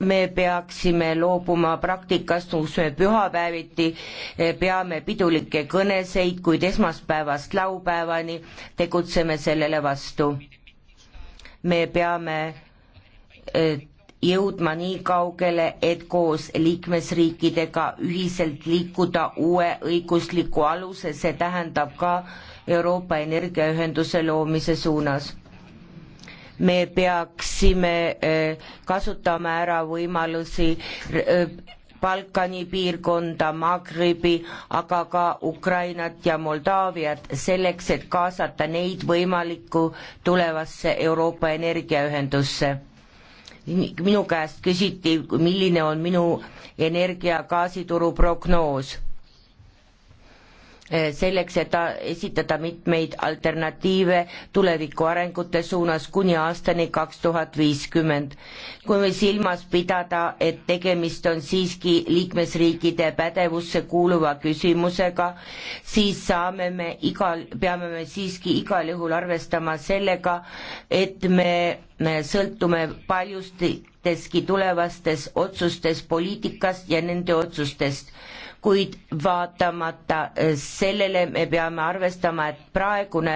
me peaksime loobuma praktikast, kus me pühapäeviti eh, peame pidulikke kõneseid, kuid esmaspäevast laupäevani tegutseme sellele vastu. me peame eh, jõudma nii kaugele, et koos liikmesriikidega ühiselt liikuda uue õigusliku aluse, see tähendab ka Euroopa energiaühenduse loomise suunas me peaksime eh, kasutama ära võimalusi eh, Balkani piirkonda, Magribi, aga ka Ukrainat ja Moldaaviat selleks, et kaasata neid võimalikku tulevasse Euroopa energiaühendusse minu käest küsiti, milline on minu energia gaasituru prognoos. Eh, selleks, et esitada mitmeid alternatiive tuleviku arengute suunas kuni aastani kaks tuhat viiskümmend. kui me silmas pidada, et tegemist on siiski liikmesriikide pädevusse kuuluva küsimusega, siis saame me igal, peame me siiski igal juhul arvestama sellega, et me me sõltume paljusteski tulevastes otsustes poliitikast ja nende otsustest kuid vaatamata eh, sellele me peame arvestama, et praegune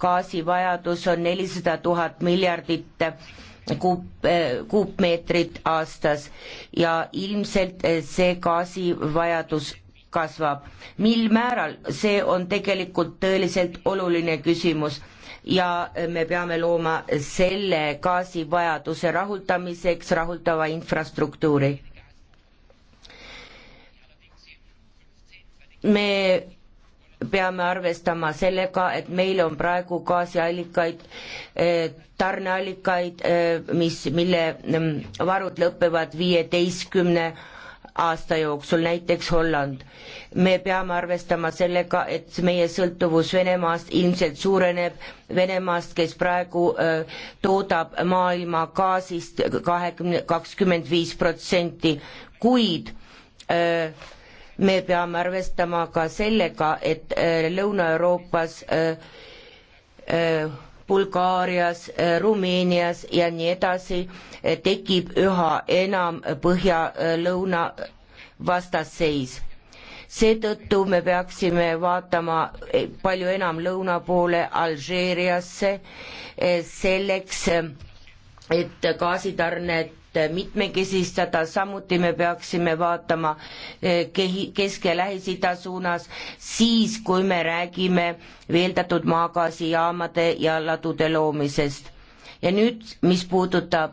gaasivajadus on nelisada tuhat miljardit eh, kuup, eh, kuupmeetrit aastas ja ilmselt see gaasivajadus kasvab. mil määral, see on tegelikult tõeliselt oluline küsimus ja me peame looma selle gaasivajaduse rahuldamiseks rahuldava infrastruktuuri me peame arvestama sellega, et meil on praegu gaasiallikaid, eh, tarneallikaid, eh, mis, mille mm, varud lõpevad viieteistkümne aasta jooksul, näiteks Holland. me peame arvestama sellega, et meie sõltuvus Venemaast ilmselt suureneb, Venemaast, kes praegu öö, eh, toodab maailma gaasist kahekümne, kakskümmend viis protsenti, kuid öö, me peame arvestama ka sellega, et äh, Lõuna-Euroopas äh, äh, Bulgaarias, Rumeenias ja nii edasi tekib üha enam põhja-lõuna vastasseis. seetõttu me peaksime vaatama palju enam lõuna poole Alžeeriasse selleks, et gaasitarned mitmekesistada, samuti me peaksime vaatama eh, kehi, Kesk- ja Lähis-Ida suunas, siis kui me räägime veeldatud maagaasijaamade ja ladude loomisest. ja nüüd, mis puudutab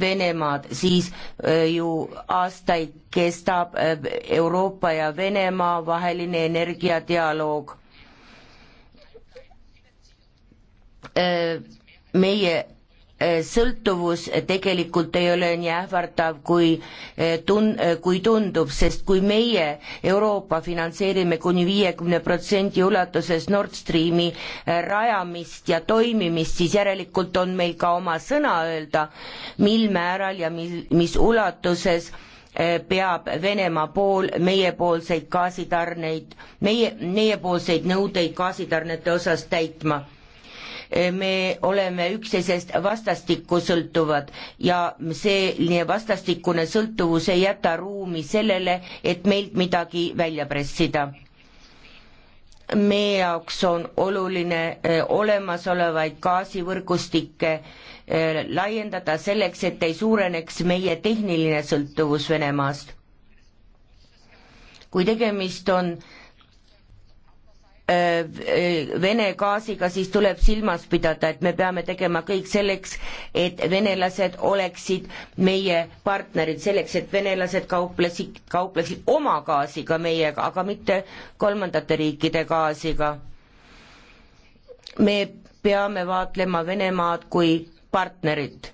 Venemaad, siis eh, ju aastaid kestab eh, Euroopa ja Venemaa vaheline energiadialoog meie Eh, sõltuvus tegelikult ei ole nii ähvardav, kui eh, tun-, eh, kui tundub, sest kui meie, Euroopa, finantseerime kuni viiekümne protsendi ulatuses Nord Streami rajamist ja toimimist, siis järelikult on meil ka oma sõna öelda, mil määral ja mil, mis ulatuses peab Venemaa pool meiepoolseid gaasitarneid, meie, meiepoolseid nõudeid gaasitarnete osas täitma me oleme üksteisest vastastikku sõltuvad ja see vastastikune sõltuvus ei jäta ruumi sellele, et meilt midagi välja pressida. meie jaoks on oluline eh, olemasolevaid gaasivõrgustikke eh, laiendada selleks, et ei suureneks meie tehniline sõltuvus Venemaast. kui tegemist on äh, Äh, Vene gaasiga, siis tuleb silmas pidada, et me peame tegema kõik selleks, et venelased oleksid meie partnerid, selleks, et venelased kauplesid, kauplesid oma gaasiga meiega, aga mitte kolmandate riikide gaasiga. me peame vaatlema Venemaad kui partnerit,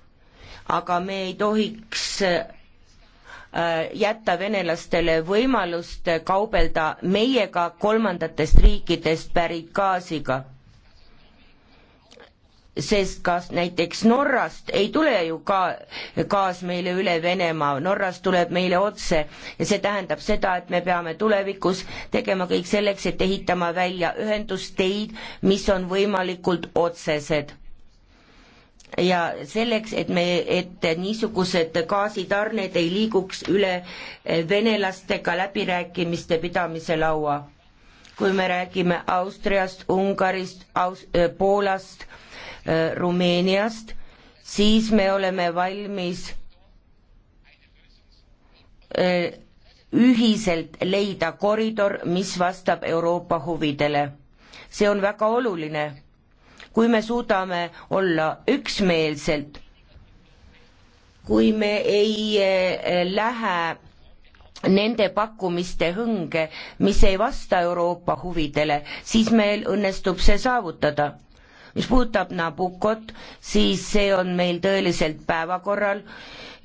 aga me ei tohiks Äh, jätta venelastele võimalust kaubelda meiega kolmandatest riikidest pärit gaasiga. sest kas näiteks Norrast ei tule ju ka gaas meile üle Venemaa, Norrast tuleb meile otse ja see tähendab seda, et me peame tulevikus tegema kõik selleks, et ehitama välja ühendusteid, mis on võimalikult otsesed ja selleks, et me, et niisugused gaasitarned ei liiguks üle eh, venelastega läbirääkimiste pidamise laua. kui me räägime Austriast, Ungarist Aus, eh, Poolast, eh, Rumeeniast, siis me oleme valmis ühiselt leida koridor, mis vastab Euroopa huvidele. see on väga oluline kui me suudame olla üksmeelselt, kui me ei eh, lähe nende pakkumiste hõnge, mis ei vasta Euroopa huvidele, siis meil õnnestub see saavutada. mis puudutab Nabucot, siis see on meil tõeliselt päevakorral,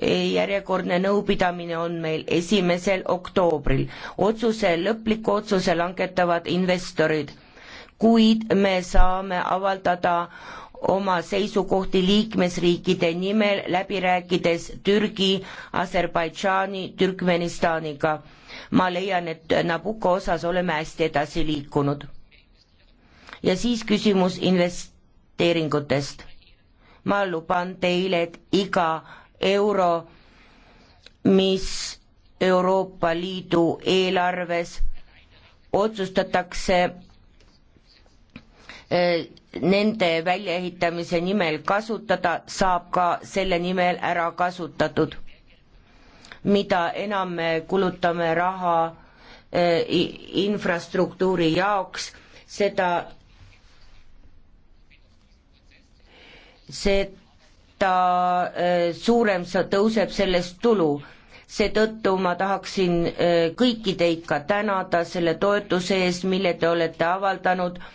järjekordne nõupidamine on meil esimesel oktoobril. otsuse, lõpliku otsuse langetavad investorid kuid me saame avaldada oma seisukohti liikmesriikide nimel läbi rääkides Türgi, Aserbaidžaani, Türkmenistaniga. ma leian, et Nabucco osas oleme hästi edasi liikunud. ja siis küsimus investeeringutest. ma luban teile, et iga euro, mis Euroopa Liidu eelarves otsustatakse Äh, nende väljaehitamise nimel kasutada, saab ka selle nimel ära kasutatud. mida enam me kulutame raha äh, infrastruktuuri jaoks, seda, seda äh, suurem tõuseb sellest tulu seetõttu ma tahaksin kõiki teid ka tänada selle toetuse eest, mille te olete avaldanud äh,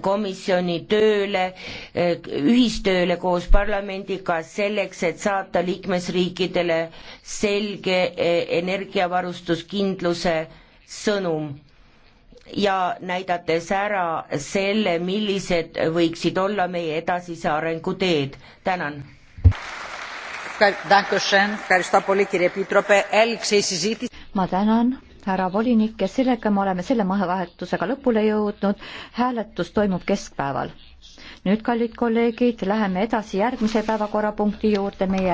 komisjoni tööle, ühistööle koos parlamendiga selleks, et saata liikmesriikidele selge e, energiavarustuskindluse sõnum ja näidates ära selle, millised võiksid olla meie edasise arengu teed. tänan. ma tänan härra volinik ja sellega me oleme selle mahevahetusega lõpule jõudnud. hääletus toimub keskpäeval. nüüd, kallid kolleegid, läheme edasi järgmise päevakorrapunkti juurde meie